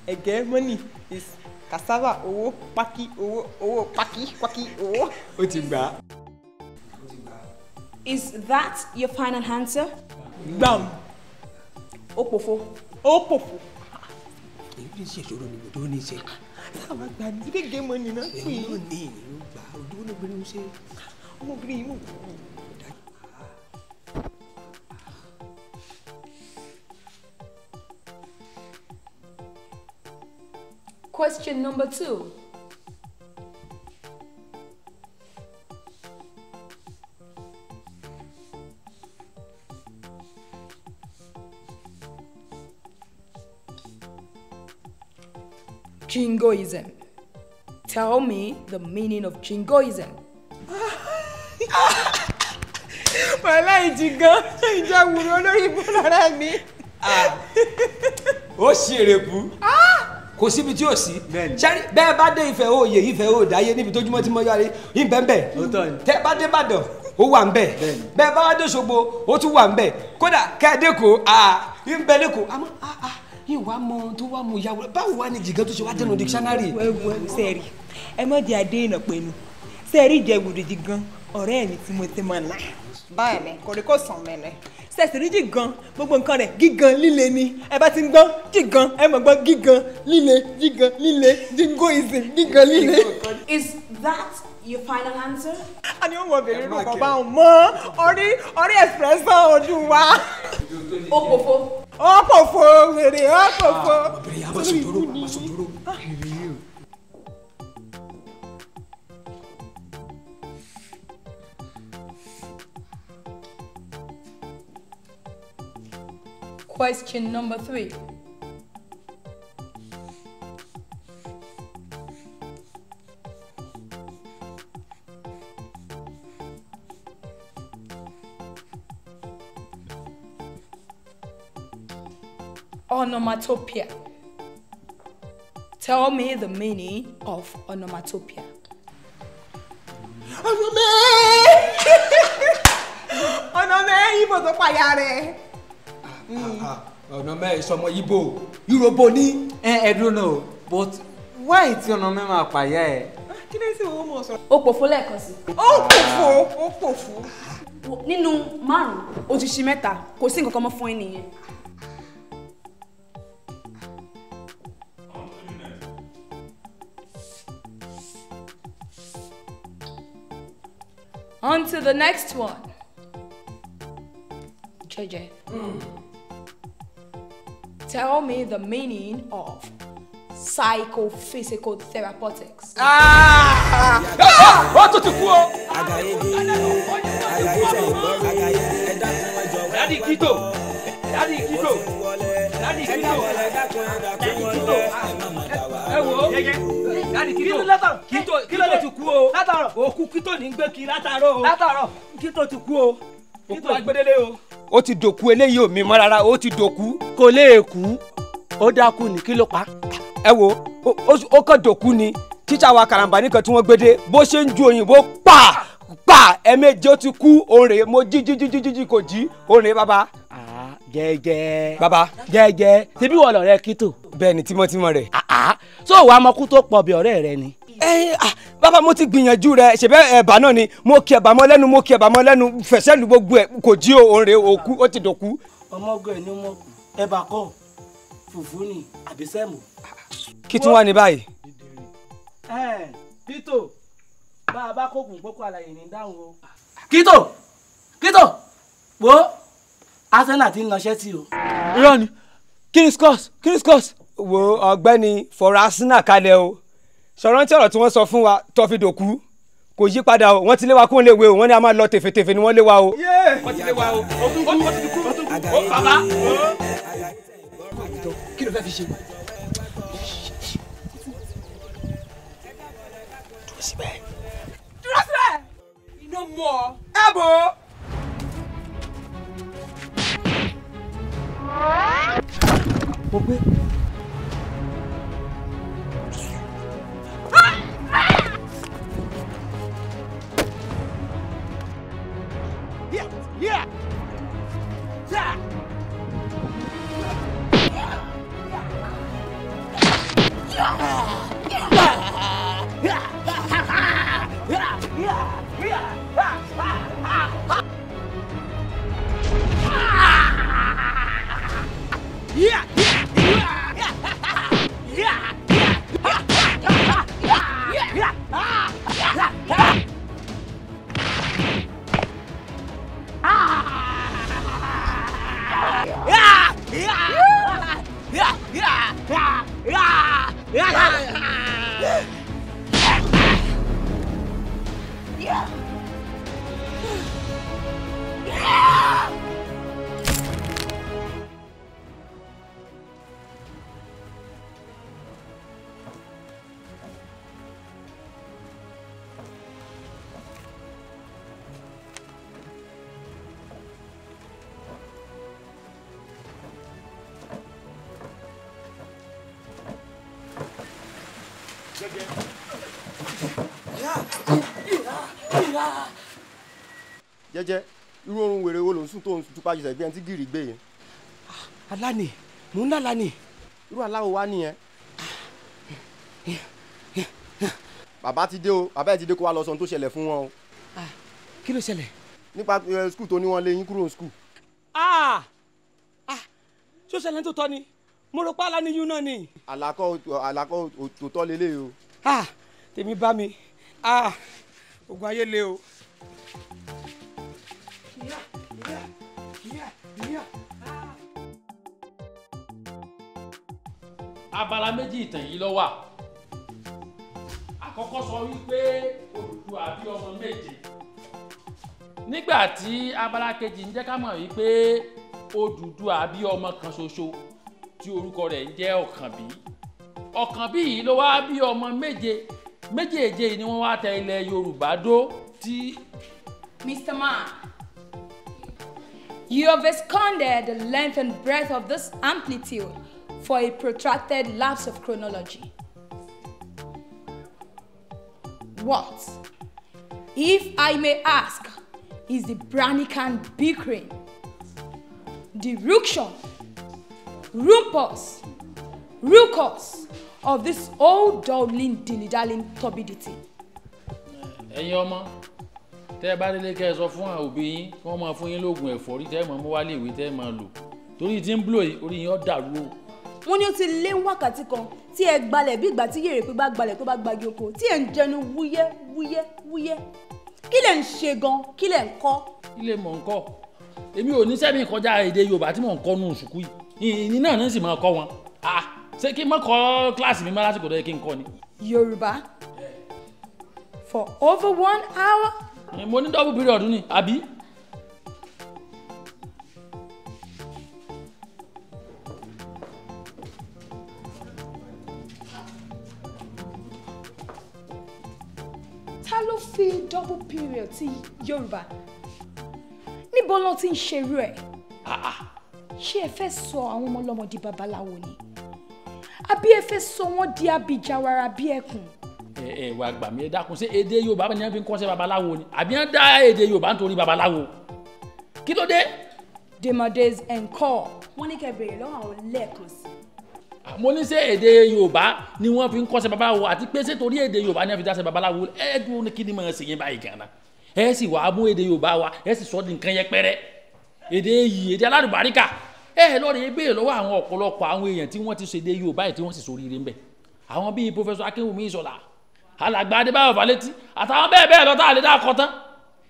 ege money is cassava, owo. paki, owo. Owo. paki, paki, owo. Ó ti Is that your final answer? Gbam. Òpòfo. Òpòfo fi ń ṣèṣòro ni gbòdó ní ṣe. sábà gba ní ilé gẹ́mọ nìyẹn pé. èyí ló ní èyí ló gbà ojú olóbìnrin ló ṣe ọmọbìnrin yìí mọ̀ kó. Question number two. Jingoism. Tell me the meaning of Jingoism. [LAUGHS] Wàhálà ìjìngàn ìjà wùrọ̀ lórí ìbọn lára mi. Ah, ó ṣe èrèbù. Ah! Kò síbi tí ò sí. Bẹ́ẹ̀ bá dé Ifẹ̀ òòyè Ifẹ̀ òòdáyé níbi tójúmọ́ tí mo yára yín bẹ́ẹ̀ bẹ́ẹ̀. Tẹ́ bá dé Ìbàdàn ó wà nbẹ bẹ́ẹ̀ bá wá dé Òṣogbo ó tún wà nbẹ kódà kẹ́ẹ̀dẹ́kọ̀ọ́ à ń bẹ lẹ́kọ̀ọ́ àmọ́ àà ah, ìwà mọ tó wà mọ ìyàwó báwo wà ní jìgá tó ṣe wá dẹnu dictionary. wẹ́wẹ́ ẹ mọ̀ di adé ìnà pẹ̀lú sẹ́ẹ̀rì ìjẹ̀wòdìdì gan ọ̀rẹ́ mi tí mo ti mọ̀ náà. báyìí ni kòrí kò sàn mẹ́lẹ̀. sẹ́sìrì jìgan gbogbo nǹkan rẹ̀ gígan líle ni ẹ bá ti ń gbọ́ jìgan ẹ mọ̀ gbọ́ gígan líle gígan líle jingoism gígan líle. is that your final answer. a ní want to ló kọ́ bá òun Only, orí orí ẹ̀sìpẹ́sọ̀ ojú wa. ó kò fo. ó kò fo rèrè Question number three. onomatopoeia? Tell me the meaning of onomatopoeia. Ọ̀nàmẹ́ ọ̀nàmẹ́ [LAUGHS] ibo tó pàyà rẹ̀. Ọ̀nàmẹ́ ah, ah, ah. ìsọmọ ibo Yúróbó ní. Ẹ eh, ẹ eh, dúró náà but why tí ọ̀nàmẹ́ máa pàyà ẹ̀? Kí ló ń sè wọ́n mọ̀ sọ? Ó pòfó lẹ́ẹ̀kan sí. Ó pòfó ó pòfó. Nínú márùn-ún, ó ti mẹ́ta, kò sí nǹkan kan mọ́ fún ẹ nìyẹn. On to the next one. JJ. Mm. Tell me the meaning of psychophysical therapeutics. Ah! ah! What o. tun ti ku Kito. Daddy Kito. Daddy Kito. Daddy Kito. ẹ wo láti kí Kito, kí tó kí tó ti kú o látàrọ òkú kí tó ní gbé kí látàrọ o látàrọ kí tó ti kú o kí tó agbédélé o. ó ti dòkú eléyìí ò mímọ́ rárá ó ti dòkú kò lè kú ó dákú ní kí ló pa ẹ wo ó kàn dòkú ni tíṣà wa karambani kan tí wọ́n gbé dé bó ṣe ń ju òyìnbó pa pa ẹ̀ẹ̀mejì ó ti kú òun rèé mo jí jí jí jí kò jí òun rèé bàbá. Ah jẹ́jẹ́. baba jẹ́jẹ́ ṣebí wọ lọrẹ kító. bẹ́ẹ̀ni tímọ́tímọ́ rẹ. Ah, ah. so wàá mọkú tó pọ̀ bí ọ̀rẹ́ rẹ ni. ẹ bàbá mo ti gbìyànjú rẹ ṣèbẹ ẹbà náà ni mo kí ẹbà mọ lẹ́nu mo kí ẹbà mọ lẹ́nu fẹsẹ̀ lu gbogbo ẹ kò jí òun rè òkú ó ti dòkú. ọmọge ni mo ẹbà kọ fùfú ni àbí sẹ́mu. kí tún wá ní báyìí. ẹ títò bá a bá kókùn kókó àlàyé ní dáhùn o. kító kító wo Arsenal ti ń lọṣẹ́ tì o. irọ́ ni kí ni scores kí ni scores. wo ọ̀gbẹ́ni fọ̀rọ̀ Arsenal kalẹ̀ o sọ̀rọ̀ tí ọ̀rọ̀ tí wọ́n sọ fún wa tó fi dòkú kò yí padà o wọ́n ti lé wa kó lè we o wọ́n ní a máa lọ tèfètèfè ni wọ́n lé wa o. wọ́n ti lé wa o ogun ogun ti kú o bàbá. kí ló fẹ́ fi ṣe. dúró síbẹ̀. dúró síbẹ̀. iná mọ́. ẹ bò ó. 어, 왜? 뭐, 뭐 sùn tó ń tupa jùsẹ̀ bí ẹni tí gírì gbé yẹn. Ah, aláni mò ń dá aláni. irú aláwo wá nìyẹn. bàbá ti dé o bàbá ẹ ti dé kó wa lọ sọ ohun tó ṣẹlẹ̀ fún wọn o. Ah, kí ló ṣẹlẹ̀. nípa skul tó ní wọn lé yín kúrò skul. Ah, ṣó ṣẹlẹ̀ tó tọ́ ni mo rò pé aláni yún náà ni. àlàkọ àlàkọ òtòtọ́ lélẹ́yìí o. tèmi bá mi ogun ayé le o. abala méjì ìtàn yìí ló wà àkọ́kọ́ sọ wípé Odùduwà bí ọmọ méje nígbà tí abala kejì ń jẹ́ ká mọ̀ wípé Odùduwà bí ọmọ kan ṣoṣo tí orúkọ rẹ̀ ń jẹ́ Ọ̀kànbí Ọ̀kànbí yìí ló wá bí ọmọ méje méjèèje ni wọ́n wá tẹ ilẹ̀ Yorùbá dó tí. Mr. Man, you have esconded the length and breadth of this amplitude for a protracted lapse of chronology. What, if I may ask, is the Branican bickering, the ruction, rumpus, ruckus of this old dawdling dilly-dallying turbidity? ẹ̀yin ọmọ tẹ́ ẹ bá délé kẹ́ ẹ sọ fún àwọn òbí yín kí wọ́n máa fún yín lóògùn ẹ̀fọ́rí tẹ́ ẹ máa mú wálé ìwé tẹ́ ẹ máa lò torí tí ń blò yìí orí yín ó dàrú o wọ́n ní ó ti lé wákàtí kan tí ẹ gbalẹ̀ bí ìgbà tí yèrè pé bá gbalẹ̀ tó bá gbagi oko tí ẹ ń jẹnu wúyẹ́ wúyẹ́ wúyẹ́ kí lẹ̀ ń ṣe gan kí lẹ̀ ń kọ́. ilé mọ̀ ń kọ́ èmi ò ní sẹ́mi kọjá èdè yorùbá tí mò ń kọ́ nù sùkú yìí ìní náà ní sì máa kọ́ wọn ṣé kí n kọ́ kíláàsì mi má lásìkò tó yẹ kí n kọ́ ni. yorùbá for over one hour. mo ní double period ni àbí. ló fi double period ti Yorùbá níbo ló ti ń ṣerú ẹ̀ ah, ah. ṣé ẹ fẹ́ sọ àwọn ọmọ ọlọ́mọ di babaláwo ni àbí ẹ fẹ́ sọ wọ́n di abijawara bí ẹkùn. ẹ ẹ wà gbà mí ẹ dákun ṣé èdè Yorùbá ni wọn fi ń kọ́ṣẹ́ babaláwo ni àbí wọn dá èdè Yorùbá nítorí babaláwo kí ló dé. demades encore. call wọn ní kẹ́ bèrè àwọn lẹ́ẹ̀kan sí i mo ní ṣe èdè yorùbá ni wọ́n fi ń kọ́ṣẹ́ babaláwo àti pé ṣé torí èdè yorùbá ni wọ́n fi dáṣẹ́ babaláwo ẹ dúró ní kí ni mo ṣe yín báyìí gan-an ẹ sì wàá mú èdè yorùbá wa ẹ sì sọ di nǹkan yẹpẹrẹ èdè yìí èdè alárùbáríkà ẹ lọ́ọ̀rẹ́ yẹn béèrè lọ́wọ́ àwọn ọ̀pọ̀lọpọ̀ àwọn èèyàn tí wọ́n ti ṣe èdè yorùbá yìí tí wọ́n sì sọ oríire ń àwọn bíi professor akínwùmí ìṣọ̀lá alàgbà adébáyọ̀ falẹ́tì àtàwọn bẹ́ẹ̀ bẹ́ẹ̀ lọ́tà àlẹ́ dàkọ́ tán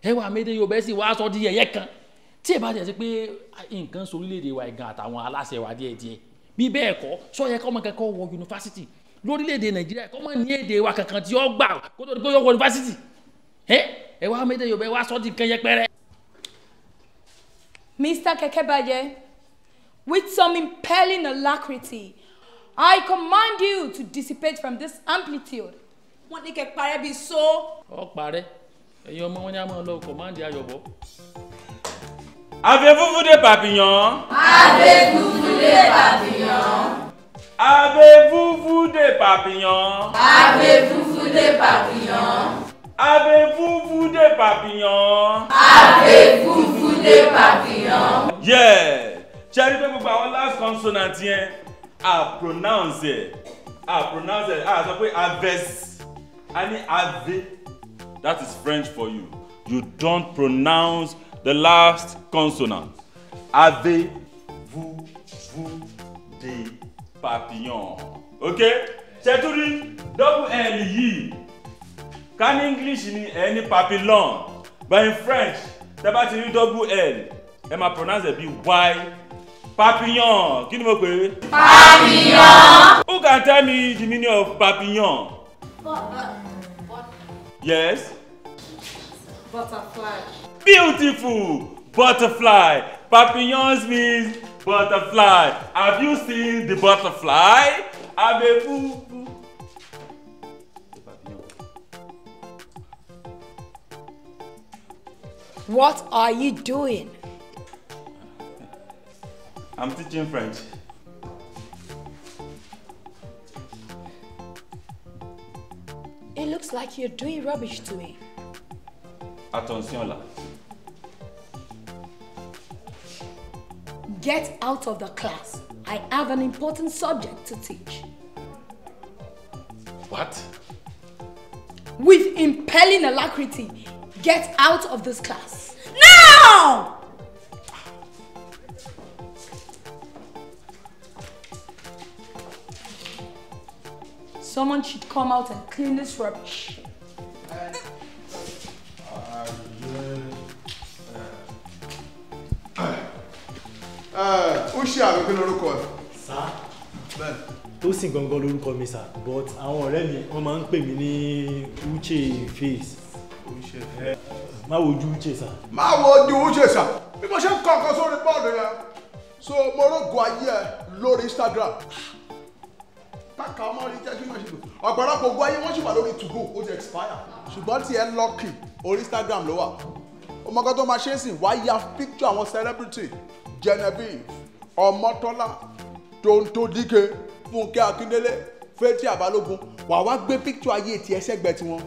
ẹ wà méde yorùbá ẹ sì wá sọ di yẹ̀yẹ́ kan tí ẹ bá jẹ́ sí pé nǹkan sọ wa ìgan àtàwọn aláṣẹ wa bí bẹ́ẹ̀ kọ́ sọ yẹ kọ́mọ kẹ́kọ́ wọ yunifásitì lórílẹ̀‐èdè nàìjíríà kọ́mọ ní èdè wa kankan tí ó gbà kó tó di pé ó wọ yunifásitì ẹ ẹ wá méjèèjì yorùbá ẹ wá sọ́ di nǹkan yẹpẹrẹ. Mr. Kekebaye, with some impelling alacrity, I command you to dissipate from this amplitude. Wọ́n ní kẹ́ parẹ́ bíi so. Ó parẹ́, ẹ̀yin ọmọ wọn ní àmọ́ lọ kọ̀máǹdì ayọ̀bọ. Avez-vous vu des papillons? Avez-vous vu des papillons? Avez-vous vu des papillons? Avez-vous vu des papillons? Avez-vous vu des papillons? Avez-vous vu des papillons? Yeah! Ṣé rí pé gbogbo àwọn last à prononcer à prononcer. Ah, ça peut pé aves a ní that is French for you you don't pronounce the last consonant. Avez-vous vous des papillons? Ok? Ṣẹ́túrí double L yìí. Ká English ni ẹ ní papillon. But in French, tẹ́ bá ti rí double L, ẹ máa pronounce it bí Y. Papillon, kí ni mo pè é? Papillon. Who can tell me the meaning of papillon? Yes. Butterfly. beautiful butterfly. Papillons means butterfly. Have you seen the butterfly? What are you doing? I'm teaching French. It looks like you're doing rubbish to me. Attention là. Get out of the class. I have an important subject to teach. What? With impelling alacrity, get out of this class. Now! Someone should come out and clean this rubbish. Uh Eh, ó ṣe àrùn kí lorúkọ ẹ. sá bẹ́ẹ̀. Tósìn gangan lorúkọ mi sá but àwọn ọ̀rẹ́ mi wọ́n máa ń pè mí ní Uche face. Uche face. Eh, má wojú Uche sá. má wojú Uche sá bí mo ṣe ń kọ nǹkan sórí bọ́ọ̀lù yẹn so mo rógo ayé ẹ lórí Instagram káka ọmọ rí jẹ́ kí wọ́n ṣe lò ọ̀pọ̀lọpọ̀ ogun ayé wọ́n ṣì wà lórí to go ó ti expire ṣùgbọ́n tí ẹ lucky orí Instagram ló wà ọmọkàn tó máa ṣe é sìn wá ya picture àwọn celebrity Genevieve Ọmọ́tọ́lá Tonto Dike Fúnkẹ́ Akíndélé Fẹ́tí Àbálógun wàá wá gbé píktù ayé tiẹ̀ sẹ́gbẹ̀ẹ́ tiwọn.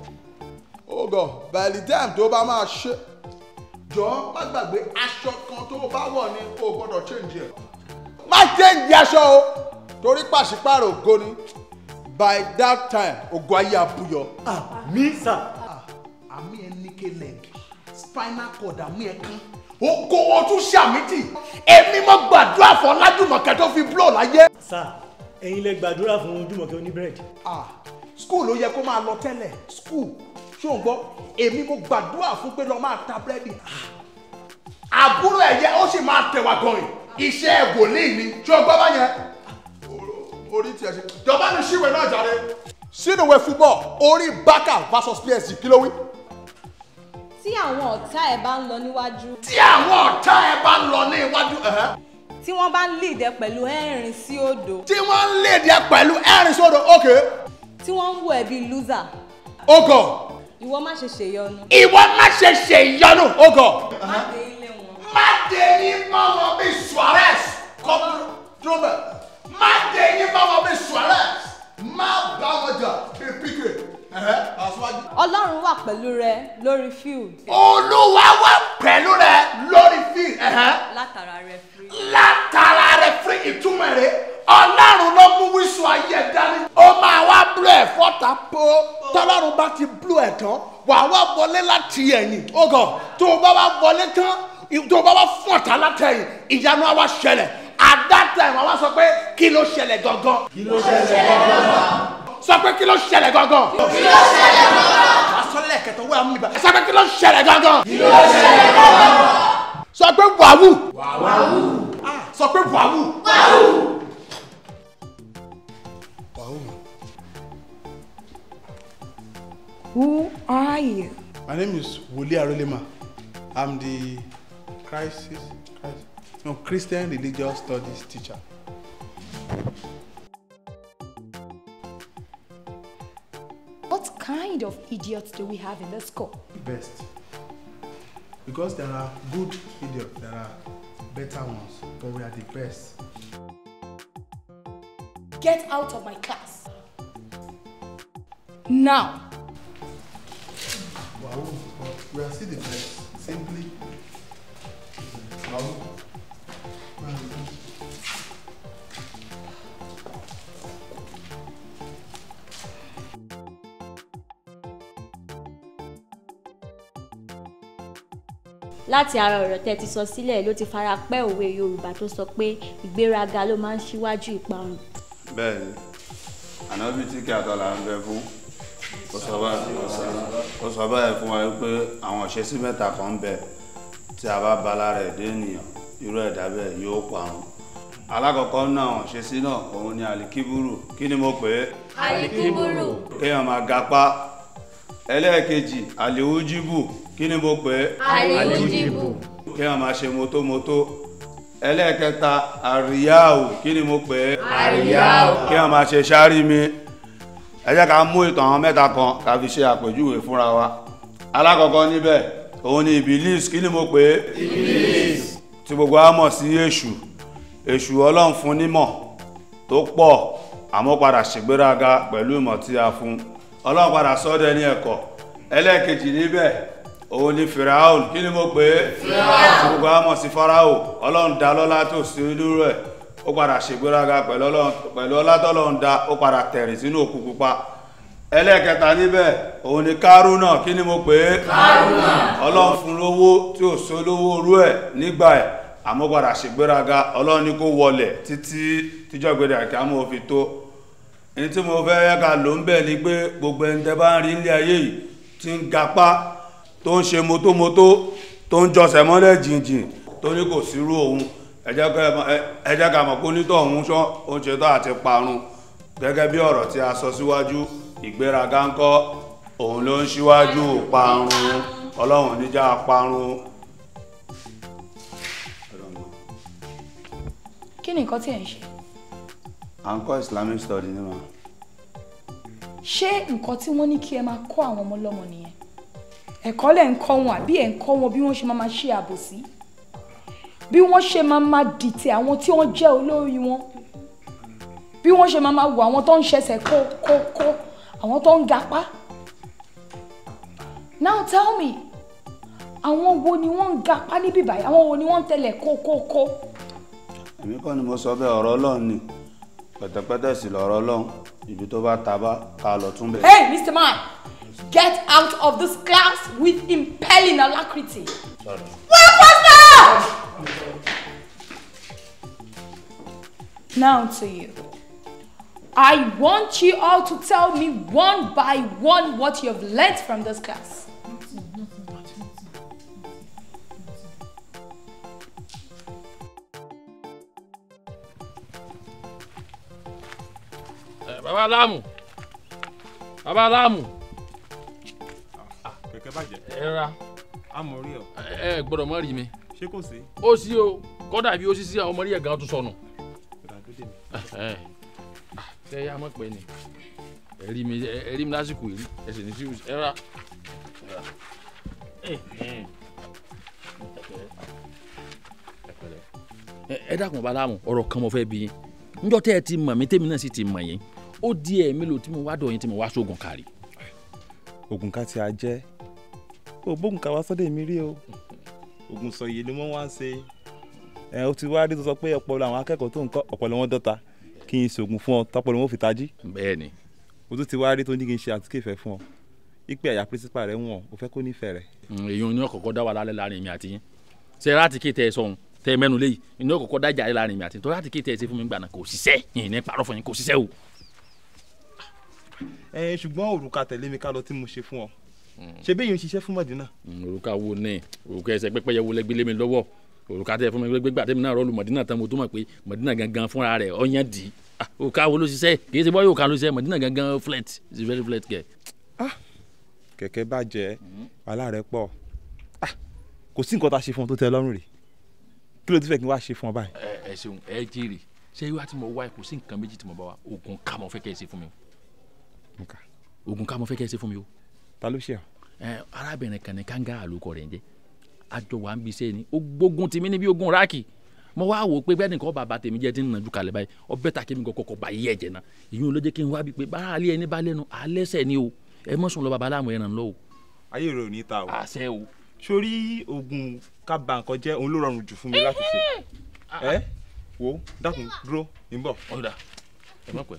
ó oh gọ̀ by the time tó bá máa ṣe jọ má gbàgbé aṣọ kan tó bá wọ̀ ni kò gbọ́dọ̀ change ẹ̀. má change aṣọ o torí pàṣípààrọ̀ ògo ni by that time ògo ayé abuyọ. àmì sà. àmì ẹnikẹ́lẹ̀ spinal cord àmì ẹ̀kan oko wọn tún ṣàmìtì èmi mo gbàdúrà fún ọlájúmọ̀kẹ́ tó fi blow láyé. sà ẹ̀yin lẹ gbàdúrà fún ojúmọ̀kẹ́ oníbírẹ̀dì. ah school ló yẹ kó máa lọ tẹ́lẹ̀ school ṣó ń gbọ́ èmi mo gbàdúrà fún pé lọ́ọ́ máa ta búrẹ́dì. àbúrò ẹ̀ yẹ ó sì máa tẹ̀wà gan-an iṣẹ́ wòlíì ni ṣó gbọ́ bá yẹn orí tiẹ̀ ṣe jọba ní síwèé náà jáde. sínú ìwé football orí Barca versus PSG kí ló wí tí àwọn ọ̀tá ẹ̀ bá ń lọ níwájú. tí àwọn ọ̀tá ẹ̀ bá ń lọ níwájú. tí wọ́n bá ń léde pẹ̀lú ẹ̀rín sí odò. tí wọ́n ń léde pẹ̀lú ẹ̀rín sí odò ok. tí wọ́n ń wò ẹ́ bíi loser. ó gọ̀. ìwọ má ṣe ṣèyọnu. ìwọ má ṣe ṣèyọnu ó gọ̀. má dé ilé wọn. má dé yín wọn bíi Suarez kọ́ dúró bẹ́ẹ̀ má dé yín wọn bíi Suarez má bá wọn jà bíi Piqué ọlọ́run wà pẹ̀lú rẹ lórí field. olúwa wà pẹ̀lú rẹ lórí field. látara referee. látara referee ìtumọ̀ rẹ̀ ọlọ́run ló mú wíṣọ ayé dání. ó máa wá blú ẹ̀ fọ́ta po tọ́lọ́run bá ti blú ẹ̀ tán wàá wá wọlé láti ẹ̀yìn ó gàn tó o bá wá wọlé tán tó bá wá fún ọ̀tá látẹ̀yìn ìyanu àwa ṣẹlẹ̀ àdá tẹ̀wọ̀n àwa sọ pé kí ló ṣẹlẹ̀ gangan. kí ló ṣẹlẹ̀ gangan sọ pé kí ló ṣẹlẹ̀ gangan. kí ló ṣẹlẹ̀ gangan. asọ́lẹ̀ kẹtọ́ wẹ́ẹ́ amúnibà. sọ pé kí ló ṣẹlẹ̀ gangan. kí ló ṣẹlẹ̀ gangan. sọ pé wàhù. wàhù. Ah, sọ pé wàhù. wàhù. wàhù. Who are you? My name is Wole Arolema. I'm the crisis, crisis, no, Christian religious studies teacher. kind of idiots do we have in the school? Best. Because there are good idiots, there are better ones, but we are the best. Get out of my class. Now. láti ara ọ̀rọ̀ tẹ́ ti sọ sílẹ̀ ló ti fara pẹ́ òwe Yorùbá tó sọ pé ìgbéraga ló máa ń ṣíwájú ìparun. bẹ́ẹ̀ni ànábì tí kí àtọlà ń bẹ fún ó sọ báyìí ó sọ báyìí fún wa pé àwọn ìṣesí mẹ́ta kan ń bẹ tí a bá ba lára ẹ̀dá ènìyàn irú ẹ̀dá bẹ́ẹ̀ yóò parun alákọ̀ọ́kọ́ náà ìṣesí náà òun ni alikiburu kí ni mo pè é. alikiburu. kéèyàn máa gapá ẹlẹ́ẹ̀kejì aliwujibu kí ni mo pè é. àríwújìbù. kí wọn máa ṣe motomoto ẹlẹ́ẹ̀kẹta àríyáwó kí ni mo pè é. àríyáwó. kí wọn máa ṣe sáré mi ẹ jẹ́ ká mú ìtàn àwọn mẹ́ta kan ká fi ṣe àpèjúwe fúnra wa alákọ̀ọ́kọ́ níbẹ̀ òun ni ibilis kí ni mo pè é. ibilis. tí gbogbo wa mọ̀ sí èṣù èṣù ọlọ́run fún nímọ̀ tó pọ̀ àmọ́ padà ṣègbéraga pẹ̀lú ìmọ̀ tí a fún ọlọ́run padà sọ́dẹ̀ ní ẹ̀kọ́ ẹlẹ́ẹ̀kejì níbẹ̀ òun ni fìràún kí ni mo pè é gbogbo àmọ̀ sí farao ọlọ́run dá lọ́lá tó sí irú rẹ̀ ó padà ṣègbéraga pẹ̀lú ọlá tọ́lọ́run dá ó padà tẹ̀rìn sínú òkú pupa ẹlẹ́ẹ̀kẹta níbẹ̀ òun ni kárúnà kí ni mo pè é kárúnà ọlọ́run fún lówó tí ò sí olówó orú ẹ̀ nígbà ẹ̀ àmọ́ padà ṣègbéraga ọlọ́run ní kó wọlẹ̀ títí tíjọ́ ìgbéra kí á òfin tó ní tí mo fẹ́ yẹ ká lò ń bẹ̀ ni pé gbogbo ẹni tẹ́ bá ń rí ilé ayé yìí ti ń gapá tó ń ṣe motomoto tó ń jọsẹ̀ mọ́lẹ̀ jìnjìn tó ní kò sírú òun ẹ jẹ́ ká mọ̀ pé onítọ̀ òun ṣọ́ ó ń ṣe tó àti parun gẹ́gẹ́ bí ọ̀rọ̀ tí a sọ síwájú ìgbéraga ń kọ́ òun ló ń ṣíwájú parun ọlọ́run níjà parun. kí ni nǹkan tí ẹ̀ ń ṣe. à ń kọ́ Islamic study ni ma. ṣé nǹkan tí wọ́n ní kí ẹ máa kọ́ àwọn ọmọ ọlọ́mọ nìyẹn ẹ̀kọ́ lẹ̀ ń kọ́ wọn àbí ẹ̀ ń kọ́ wọn bí wọ́n ṣe máa máa ṣe àbòsí bí wọ́n ṣe máa máa dìtẹ̀ àwọn tí wọ́n jẹ́ olórí wọn bí wọ́n ṣe máa máa wò àwọn tó ń ṣẹ̀ṣẹ̀ kó kó kó àwọn tó ń gapá now tell me àwọn wo ni wọ́n ń gapá níbí báyìí àwọn wo ni wọ́n ń tẹ̀lé kó kó kó. èmi kọ́ ni mo sọ bẹ́ẹ̀ ọ̀rọ̀ Ọlọ́run ni pẹ̀tẹ̀pẹ̀tẹ̀ sì lọ̀rọ̀ Ọlọ́run ibi tó bá ta bá ta lọ tún bẹ̀. hey Mr. Man Get out of this class with impelling alacrity. Sorry. Well, faster! Now to you. I want you all to tell me one by one what you have learned from this class. Eh, Baba Alamu. Baba Alamu kẹ̀kẹ́ bàjẹ́. ẹ ra. a mọ̀ rí ọ. ẹ gbọ́dọ̀ má rí mi. ṣé kò sí. ó sí o kọ́dà bí ó sì sí àwọn ọmọ rí ẹ̀gá tó sọnù. Ah, ṣé ya mọ̀ pé ni ẹ rí mi ẹ rí mi lásìkò yìí ẹ sì ní sí ẹ ra. ẹ dákun bá láàmú ọ̀rọ̀ kan mo fẹ́ bí yín njọ́ tẹ́ ẹ ti mọ̀ mí tèmi náà sì ti mọ̀ yín ó di ẹ̀ mélòó tí mo wá dọ̀ yín tí mo wá sóògùn kárí. ògùn ká tí a jẹ́ kò bóun kà wá sọ́dọ̀ èmi rí o. ogun sọyè ni wọ́n wá ń ṣe. ẹ o ti wá rí tó sọ pé ọpọlọ àwọn akẹ́kọ̀ọ́ tó ń kọ́ ọpọlọ wọn dọ́ta kí n ṣoògùn fún ọ tọpọlọ wọn ò fi tají. bẹ́ẹ̀ni. o tún ti wá rí tó ní kí n ṣe àtúnkè fẹ́ fún ọ ipe àyà principal rẹ wọn o fẹ́ kó nífẹ̀ẹ́ rẹ. Mm, èyí ni ọkọ̀ọ̀kọ̀ dá wà lálẹ́ láàrin mi àti yín ṣe láti kí tẹ ẹ sọhun tẹ ẹ mẹ́nu léyìí ni ọkọ̀ọ̀kọ̀ dá jà láàrin mi àti yín tó láti kí tẹ ẹ ṣe fún mi gbàna kò ṣiṣẹ́ yìnyín ní parọ́ fún yín kò ṣiṣẹ́ o. ẹ ṣùgbọ́n òrùka tẹ̀lé mi ká lọ tí mo ṣe fún ọ ṣe bẹ́ẹ̀ yín ṣiṣẹ́ fún Madina. Hmm, òrùka wo ní òrùka ẹsẹ̀ pẹ́pẹ́yẹ wo lẹ́gbẹ́lẹ́ mi lọ́wọ́ òrùka tẹ fún mi gbẹgbẹ àtẹmí náà rọlù Madina tán mo tó mọ̀ pé Madina gangan fúnra rẹ̀ ọ̀yàn dì í ah, òrùka wo ló ṣiṣẹ́ kì í ṣe bọ́yọ̀ òrùka ló ṣiṣẹ́ Madina gangan flat is very flat kẹ. Ah, kẹ̀kẹ́ bàjẹ́ aláàrẹ̀ hmm. pọ̀ ah, kò sí nǹkan tá a ṣe fún ọ tó tẹ́ lọ́rùn rè kí ló ti fẹ́ kí n wá ṣe fún ọ báyìí. ẹ ẹ ṣeun ẹ jèrè ṣé mo wá kò sí nǹkan mo bá wa oògùn ká mo fẹ́ kẹ́ ẹ ṣe fún mi o oògùn ká mo ta ló ṣe ọ. ẹ arábìnrin kan ní kanga àlùkò rẹ̀ ń àjọ wa ń bi sẹ́ni ó gbógun tì mí níbi ogun ráàkì mo wá wò pé bẹ́ẹ̀ nìkan bàbá tèmi jẹ́ ti ń nàjú kalẹ̀ báyìí ọbẹ̀ ta kí mi kọ́kọ́ bá yí ẹ̀jẹ̀ náà ìyún ló jẹ́ kí n wá bí pé bá alẹ́ ẹni bá lẹ́nu alẹ́sẹ̀ ni o ẹ mọ̀ sùn lọ bàbá láwọn ẹran lọ o. ayé rẹ ò ní ta o. àṣẹ o. sórí oògùn kábà nǹkan jẹ́ òun ló rọrùn jù fún mi láti ṣe ẹ eh, eh. eh? wo dákun dúró ń bọ̀. ọ̀dà ẹ má pẹ́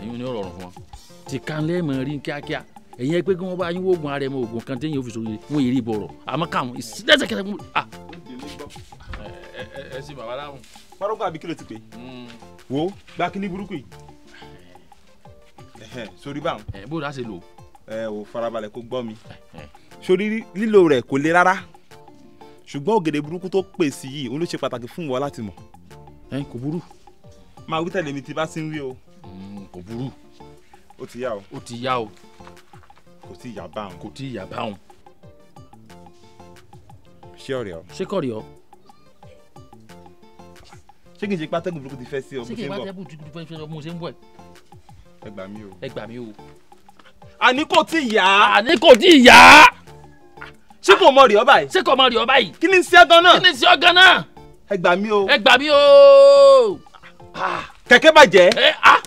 ẹ̀yin ni ó rọrùn fún wa ti kan lẹ́ẹ̀mọ̀ rí kíákíá ẹ̀yin ẹgbẹ́ kí wọ́n bá yín wọ́ọ̀gùn ara ẹ̀ mọ oògùn kan téèyàn fi sòye wọ́n yìí rí bọ̀rọ̀ àmọ́ káwọn lẹ́sẹ̀kẹsẹ̀ mú. ẹ ṣe bàbá láwọn. párọ́gà àbí kìlọ̀ ti pè. Hmm. wo gba kíní burúkú yìí. sori báwọn. bó o dá ṣe lò. ẹ o farabalẹ̀ kó gbọ́ mi. sori lílo rẹ̀ kò le rárá ṣùgbọ́n ògèdè burúkú tó pèsè yìí òun ló ṣe pàtàkì fún wọn láti mọ̀. ẹ kò burú. máa wí tẹ̀lé mi tí bá ti ń rí o. Hmm, kò burú ó ti yá o. ó ti yá o. kò tí ì yá báwọn. kò tí ì yá báwọn. ṣé ọ̀rẹ́ ọ. ṣé kọ̀rẹ́ ọ. ṣé kì í ṣe pé burúkú ti fẹ́ sí ọ ṣe ń bọ̀. ṣé kì í ṣe pé burúkú ti fẹ́ sí ọ ṣe ń bọ̀. ẹ gbà mí o. ẹ gbà mí o. àní kò tí ì yá. àní kò tí ì yá. ṣé kò mọ rí ọ báyìí. ṣé kò mọ rí ọ báyìí. kí ni ń ṣe ọ gan náà. kí ni ń ṣe ọ gan náà. ẹ gbà mí o. ẹ gbà mí o. kẹ̀kẹ́ bàjẹ́. ẹ ah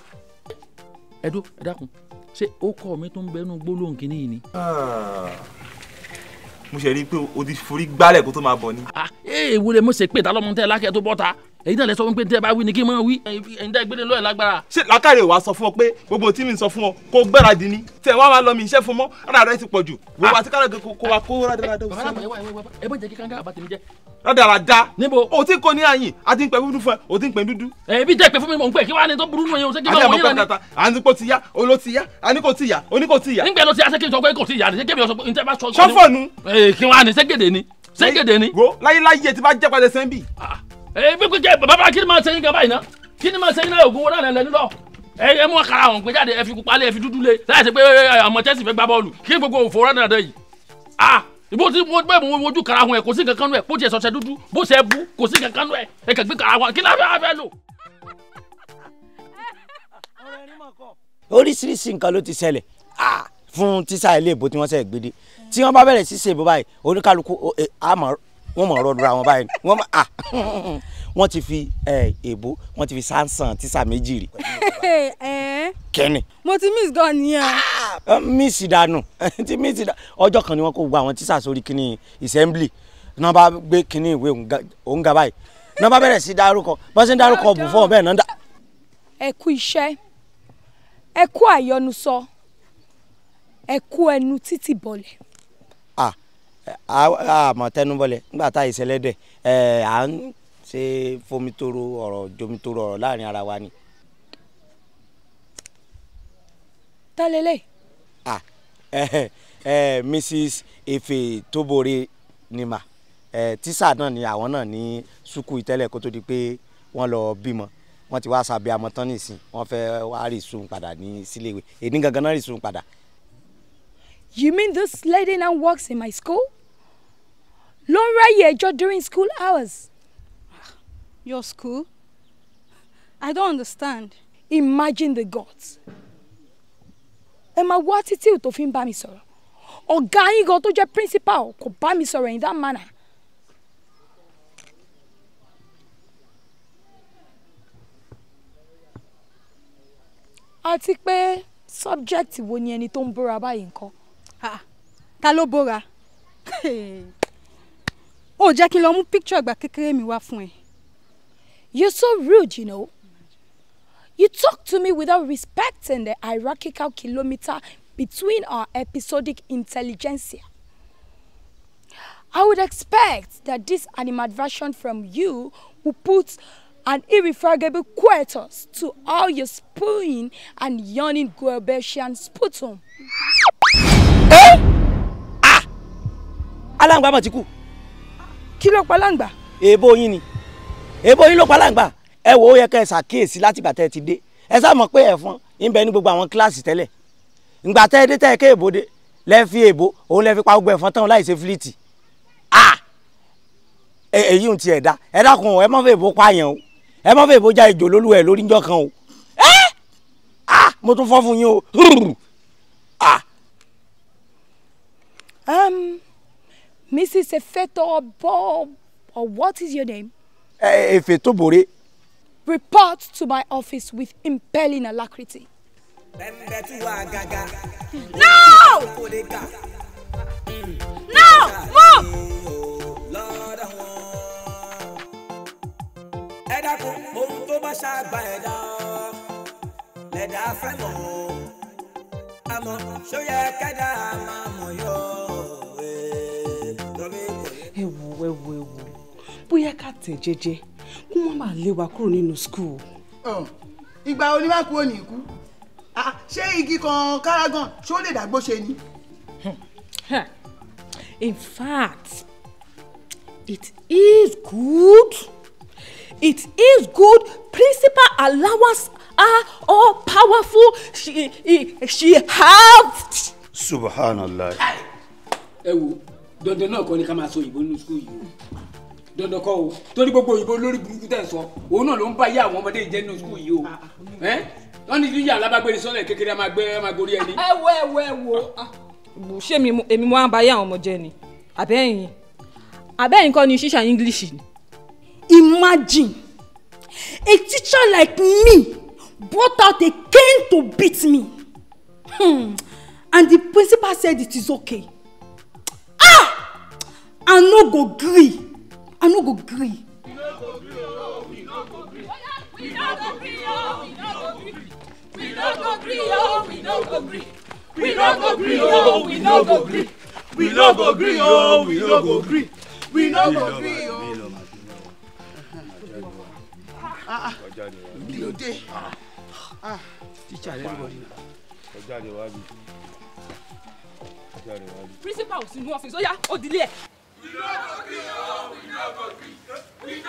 ẹdún ẹ dákun ṣé ó kọ́ mi tó ń bẹnu gbólóhùn kínní yìí ni. Ah, mo ṣe rí i pé o ti forí gbálẹ̀ kó tó máa bọ̀ ni. Ah, ee eh, wúlẹ̀ mo ṣe pé ta lọ́mọ tẹ́ lákẹ́ tó bọ́ ta èyí náà lè sọ wípé tẹ́ bá wí ni kí n máa wí ẹ̀yin dá ìgbélé lọ́ọ̀ lágbára. ṣé làákàrẹ̀ wàá sọ fún ọ pé gbogbo tí mi sọ fún ọ kó gbáradì ni tẹ wá wá lọ mi iṣẹ́ fún mọ́ ara rẹ ti pọ̀ jù wọ́n wá ti kára kó wá kó rádàrádà. bàbá ẹ má jẹ́ kí kanga àbàtì mi jẹ́ rádaràda. níbo o ti kò ní àyìn a ti ń pẹ dúdú fún ẹ o ti ń pẹ dúdú. ẹ ibi jẹ́ ìpè fún mi mò ń pè kí wàá ní tó burú nù yẹn o ṣe kí wàá wọ̀nyí lẹ́nu. a ní kò ti ya o ló ti ya a ní kò ti ya o ní kò ti ya. nígbà ló ti ya ṣé kí n sọ kò ti ya ṣé kébì ọ̀sọ̀ ntẹ́ bá sọ. sọ́fọ̀ nu. ee kí wàá ní ṣégede ni ṣégede ni. wo láyéláyé ti bá jẹ́ padà sẹ́ńbì. ee bí pé ah, bàbá kí ni máa ṣẹ́yìn gaba iná kí ni máa ṣẹ́yìn náà ògùn wọn náà lẹ́nu lọ ẹ mú àkàrà ọ̀hún pé jáde ẹ fi pupa lé ẹ fi dúdú lé láì pé ọmọ Chelsea fẹ́ gbá bọ́ọ̀lù kí gbogbo òfò rẹ̀ nàdẹ́ yìí. Ah! bó ti mo bẹ́ẹ̀ mo wojú kara hun ẹ̀ kò sí kankan nù ẹ̀ bó ti ẹ̀ sọ̀tẹ̀ dúdú bó ṣe bú kò sí kankan nù ẹ̀ ẹ̀ kẹ̀ gbé kara hun kí ni a lò. oríṣiríṣi nǹkan ló ti ṣẹlẹ̀ fún tíṣà ilé tí wọ́n ṣe gbede tí wọ́n bá bẹ̀rẹ̀ sí ṣe ìbò báyìí oníkálukú e, wọ́n mọ̀ ọ́rọ́dúnra wọn báyìí wọ́n ti fi èbó wọ́n ti fi sáǹsàn tíṣà méjì rí. [LAUGHS] kẹ́ni. mo ti miss gan nìyẹn. Ah! Eh, míìsì dànù [LAUGHS] tí míìsì dànù ọjọ́ kan ni wọ́n kó gbogbo àwọn tíṣà sórí kínní assembly náà bá gbé kínní ìwé òun ga báyìí náà bá bẹ̀rẹ̀ sí dárúkọ bá ṣe ń dárúkọ bù fún ọ̀bẹ náà. ẹ kú iṣẹ́ ẹ kú àyọnusọ ẹ kú ẹnu títì bọ̀lẹ̀. àmọ̀ tẹnubọ̀lẹ̀ nígbà tá ìṣẹ̀lẹ̀dẹ̀ à ń ṣe fomitoro ọ̀rọ̀ jomitoro ọ̀rọ̀ láàrin ara wa ni. tálẹ́lẹ̀ ah eh, eh, mrs efe tobore ni mà eh, tíṣà náà ni àwọn náà ní sukuu tẹ́lẹ̀ kó tó di pé wọ́n lọ bímọ wọ́n ti wá sábẹ́ amọ̀ nìsín wọ́n fẹ́ wá rí sun padà ní síléèwé èdè gangan náà rí sun padà. you mean this lady now works in my school? ló ń ráyè ẹjọ́ during school hours. your school? I don't understand. Imagine the gods ẹ máa wá títí tó fi ń bá mi sọ̀rọ̀ ọ̀gá yín gan tó jẹ́ principal kò bá mi sọ̀rọ̀ in that manner. àti pé subject wo ni ẹni tó ń bóra báyìí nǹkan. ta ló bóra ó jẹ́ kí n lọ mú picture ìgbà kékeré mi wá fún ẹ. you're so rude you know. You talk to me without respecting the hierarchical kilometer between our episodic intelligentsia. I would expect that this animadversion from you will put an irrefragable quietus to all your spooning and yawning Goebbelsian sputum. Eh? Ah! Alangba mà ti kú. Kí ló pa alangba? Èèbó yín ni. Èèbó yín ló ẹ wò ó yẹ kẹ́ ẹ ṣàkíyèsí látìgbà tẹ́ ẹ ti dé ẹ sá mọ̀ pé ẹ̀fọn ń bẹ ní gbogbo àwọn kíláàsì tẹ́lẹ̀ ìgbà tẹ́ ẹ dé tẹ́ ẹ ké èbó dé lẹ́ fi èbó òun lẹ́ fi pa gbogbo ẹ̀fọn tán láì ṣe fílíìtì ah èyí ń ti ẹ̀dá ẹ dákun ẹ má fẹ́ èbó pààyàn o ẹ má fẹ́ èbó já ìjò lólú ẹ̀ lórí njọ́ kan o ẹ ah mo tún fọ́ fún yín o ah. Um, Mrs. Efeto Bob, what is your name? Efeto Bore. Report to my office with impelling alacrity. No! No! Move! ẹ̀dá kò ohun tó bá ṣàgbà ẹ̀dá lẹ̀dá eh, ẹ wo ẹ wo ẹ wo bóyá ká tẹ̀ jẹ́jẹ́ kó má bàa lé wa kúrò nínú skul. Oh, ìgbà oníwàkú ò ní kú ah, ṣé igi kan kárágàn ṣó lè dàgbò ṣe ni. Hmm. in fact it is good it is good principal allowance are all powerful she she have. subhanallah. ẹ wo dandan náà kọ́ ni ká máa sọ ìbò nínú skul yìí o dandan kọ́ o torí gbogbo òyìnbó lórí burúkú tẹ̀ sọ òun náà ló ń bá yé àwọn ọmọdé ìjẹ́ nínú sukùl yìí o ah, ah, ah. wọ́n ní yíyá alábàgbére sọ́lẹ̀ kékeré a máa gbé a máa gorí ẹni. ẹ wo ẹ wo ẹ wo ṣé èmi wọn á bá yé àwọn ọmọ jẹ ni àbẹ́yìn àbẹ́yìn kọ́ ni ṣíṣà English ni. imagine a teacher like me brought out a cane to beat me hmm. and the principal said it is okay ah i no go gree i no go agree. we no go gree o we no go gree. we no go gree o we no go gree o we no go gree. we no go gree o we no go gree. we no go gree o we no go gree. we no go gree o. mi ò dé. tíṣà rẹ ń wọlé. ọjà rẹ wá bí. principal ò sínú ọ́fíìsì ó yá ó dilé ẹ̀. We no go gree, oh, we agree. agree. We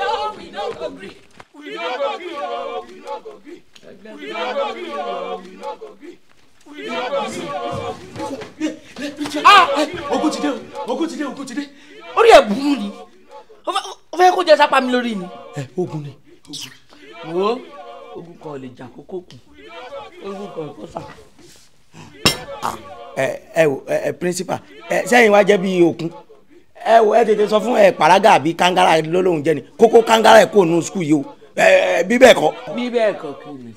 oh, We no go agree. We no go gree oh, we no go gree. We no go gree oh, we no go gree. Ogun ti dé o, ogun ti dé, ogun ti dé. Orí ẹ̀ burú ni. Ó fẹ́ kó jẹ sápá mi lórí ni. Ẹ ogun ni. Wo ogun kan lè jà kókó kù. Ogun kan kó sà. Ah, ẹ ẹ wo ẹ principal ẹ sẹ́yìn wá jẹ́ bí òkun. Ẹ wo ẹ tètè sọ fún ẹ pàrágà àbí kangara lọ́lọ́hún jẹ́ ni. Kókó kangara ẹ̀ kò nù skul yìí o. Eh, bí bẹ́ẹ̀ kọ́. bí bẹ́ẹ̀ kọ́ kí ni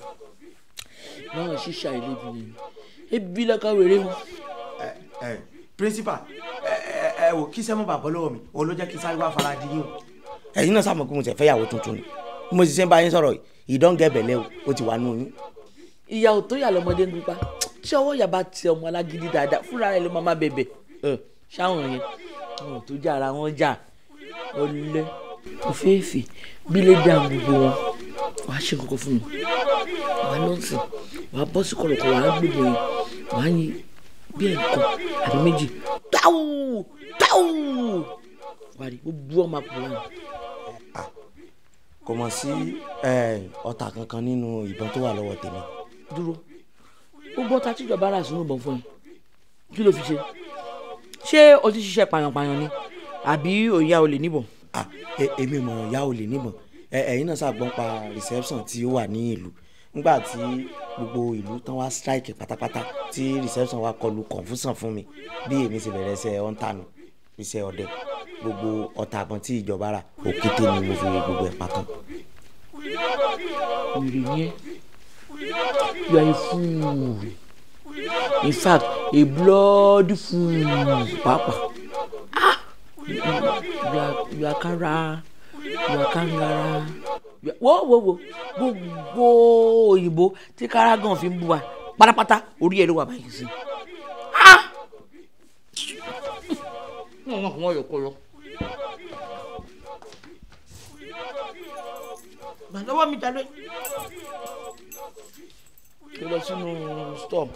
báwọn ṣíṣà ilé ibi ni ebi lọ́kàn wèrè mu. Eh, eh, principal ẹ ẹ wò kí sẹ́mu bàbá lọ́wọ́ mi òun ló jẹ́ kí sáré wá fara di yín o. ẹ̀yin náà sàmọ̀ pé mo ti fẹ́ yàwó tuntun ni bí mo ti ṣe ń bá yín sọ̀rọ̀ yìí ìdọ́ǹgẹ̀ bẹ̀lẹ́ o ó ti wà nù yín. ìyá ò tó yà lọ́mọdé ń pupa tí ọwọ́ yàrá ti ọmọ alágídí dáadáa fúnra rẹ̀ ló máa bẹ̀bẹ̀ ṣáwọn yẹn tó jà ara wọn jà ọlẹ́ òféèfé bílé dá gbogbo wọn wàá ṣe kankan fún mi wàá nọ́ọ̀sì wàá bọ́ sí kọ̀lọ̀kọ̀ wàá gbogbo yẹn wàá yin bí ẹ̀kan àbí méjì táwù táwù wàá rí gbogbo ọmọ àpòlá yẹn. Ah, kò mọ̀ sí ọta kankan nínú ìbọn tó wà lọ́wọ́ tèmi. dúró gbogbo ọta tíjọba rà sínú ìbọn fún yín kí ló fi ṣe ṣé o ti ṣiṣẹ́ payanpayan ni àbí òye a ò lè níbọn. E, èmi mọ̀ ya olè níbọn ẹ̀yin náà ṣàgbọ́n pa reception tí ó wà ní ìlú nígbà tí gbogbo ìlú tán wá strike pátápátá tí reception wa kọlu confusion fún mi bí èmi ṣe bẹ̀rẹ̀ ṣe ọ̀ntànù iṣẹ́ ọdẹ gbogbo ọ̀tá àbọ̀n tí ìjọba rà òkété ni mo fi gbogbo ẹ̀ pátán. wèrè ni ẹ you are a fool in fact a blood fool pàápàá you are you are kara you are kangara wo wo wo gbogbo òyìnbó tí karagan fi ń bu wa pátápátá orí ẹ ló wà báyìí sí. wọn ah! náà wọn yọ kọ lọ. gbàdọ́wọ́ mi jalè. ó lọ sínú storm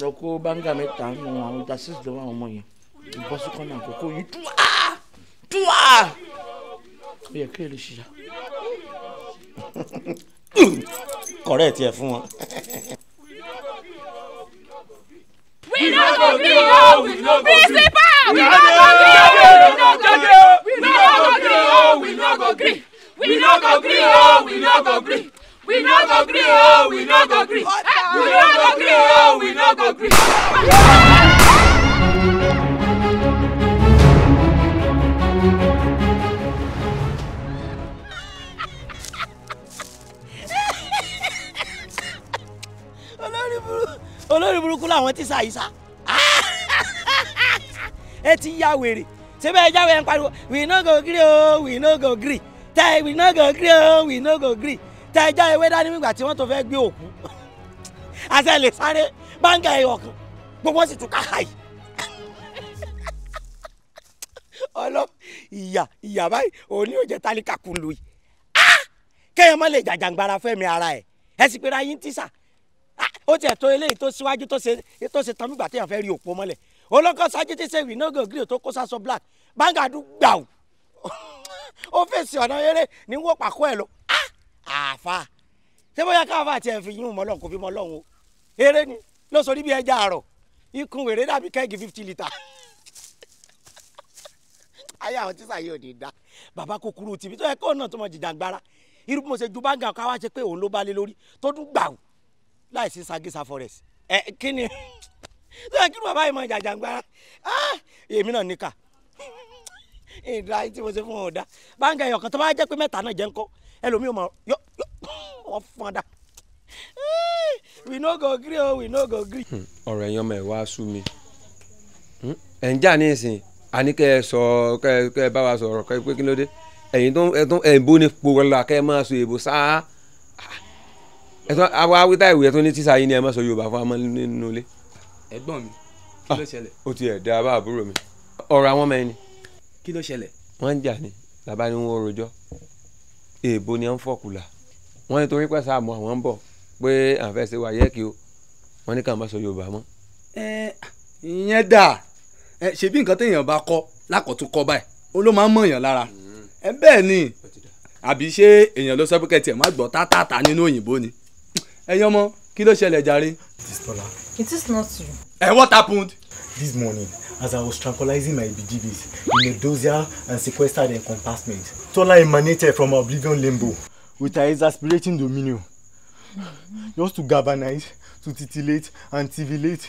lọ kó báńgà mẹ́ta nù àwọn ìdásílẹ̀ lọ́wọ́ àwọn ọmọ yẹn ìbọsí kan náà àkókò yìí tú wá toi. kọ̀rẹ́ tiẹ̀ fún wọn. we no go gree o we no go gree principal we no go gree we no go gree we no go gree we no go gree o we no go gree we no go gree o we no go gree we no go gree o we no go olórí burúkú olórí burúkú làwọn ti ṣàyíṣà [LAUGHS] ẹ ti ya wèrè síbẹ̀ ẹ jáwé ẹ ń pariwo we no go gree o we no go gree tẹ we no go gree o we no go gree tẹ ẹ já ewé dání nígbà tí wọ́n tó fẹ́ gbé òkú [LAUGHS] àṣẹ lè sáré báńkì ẹ̀yọ̀ kan gbogbo sì tún káka yìí [LAUGHS] ọlọ ìyà ìyà báyìí òní ò jẹ tálíkà kú lu ah! kéèyàn má lè jàjàǹgbara fẹmi ara ẹ ẹ sì pera yín tíṣà ó tiẹ̀ tó eléyìí tó síwájú tó ṣe tó ṣe tán nígbà téèyàn fẹ́ rí òpó mọ́lẹ̀ olóńkọ́ sájú tí sẹ́yìn náà gògìrì tó kó sásọ black bangadu gbàù ó fèsì ọ̀nà eré ní wọ́n pàkó ẹ̀ lọ àfa ṣé bóyá káfa tiẹ̀ fi yún mọ́lọ́n kò fi mọ́lọ́n o eré ni ló sọ níbi ẹja àrọ̀ ikùn wèrè dàbí kẹ́gì fifty litre ayé àwọn tíṣà yìí ò ní dá bàbá kúkúrú tìbí tó yẹ kó náà tó mọ jìjàngbara irú bí mo ṣe ju báńgà káwá ṣe pé òun ló bá lé lórí tó dún gbàù láìsí Sagisa forest ẹ kí ni sọ kí ni bàbá yìí mọ jàjàngbara ah, èmi náà níkà ìdá tí mo ṣe fún wọn dá báńkì ẹyọ kan tó bá jẹ pé mẹ́ta náà jẹ ń kọ ẹlòmíì ò mọ yọ yọ wọn fún ọ dá eh, we no go gree o we no go gree. Hmm, ọ̀rọ̀ ẹ̀yin ọmọ ẹ̀ wá sú mi hmm, ẹ̀ ń jà ní ìsìn àní kẹ́ ẹ sọ kẹ́ ẹ bá wa sọ̀rọ̀ kẹ́ ẹ pé kí ló dé ẹ̀yin tó ẹ̀ ń bó ni pòrọ̀lá kẹ́ ẹ máa sọ èèbò sáá ẹtọ àwọn awítá ìwé tó ní tíṣà yìí ni ẹ má sọ yorùbá fún amọ nínú ilé. ẹ̀gbọ́n mi kí ló ah, ṣẹlẹ̀. ó ti ẹ̀ da bá àbúrò mi ọ̀rọ̀ àwọn ọmọ ẹni. kí ló ṣẹlẹ̀. wọ́n jà ni bàbá ni wọ́n rojọ́ èèbó ni à ń fọ̀kùlà wọ́n ní torí pẹ̀sà àmọ́ àwọn ń bọ̀ pé à ń fẹ́ ṣe wáyé kí o wọ́n ní ká má sọ yorùbá mọ́. ẹ ìyẹn dà ẹ ṣebí nǹkan téèyàn bá kọ lákọ̀tún kọ báyìí ó ló máa ń mọ̀yàn lára mm. ẹ bẹ́ẹ̀ ni àbí ṣé èèyàn ló sọ pé kẹ́tì ẹ̀ má gbọ́ tátàtà nínú òyìnbó ni ẹ̀yin ọmọ kí ló ṣẹlẹ̀ jàre. Bisola. it is not you. ẹ eh, hey, what happened. this morning as i was tranquilizing my BGBs in a dozier and sequestered encompassment Tola emanated from oblivion limbo with her exasperating dominion just to galvanize to titillate and tivilate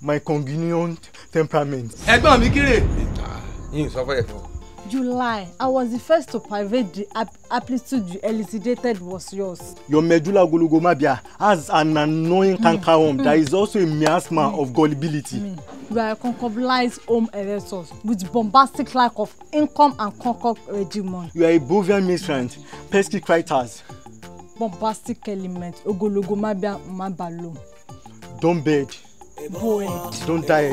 my congenial temperament. ẹ̀gbọ́n mi kírè. Ah, yín sọ fún ẹ̀fọ́. July. I was the first to private the ap amplitude you elucidated was yours. Your medulla glucomabia has an annoying hmm. cankerworm mm. that hmm. is also a miasma hmm. of gullibility. You are a concubulized home erectus with bombastic lack of income and concord regimen. You are a bovian miscreant, pesky critters. Bombastic element, ogologo mabia mabalo. Don't beg bread. Don't die.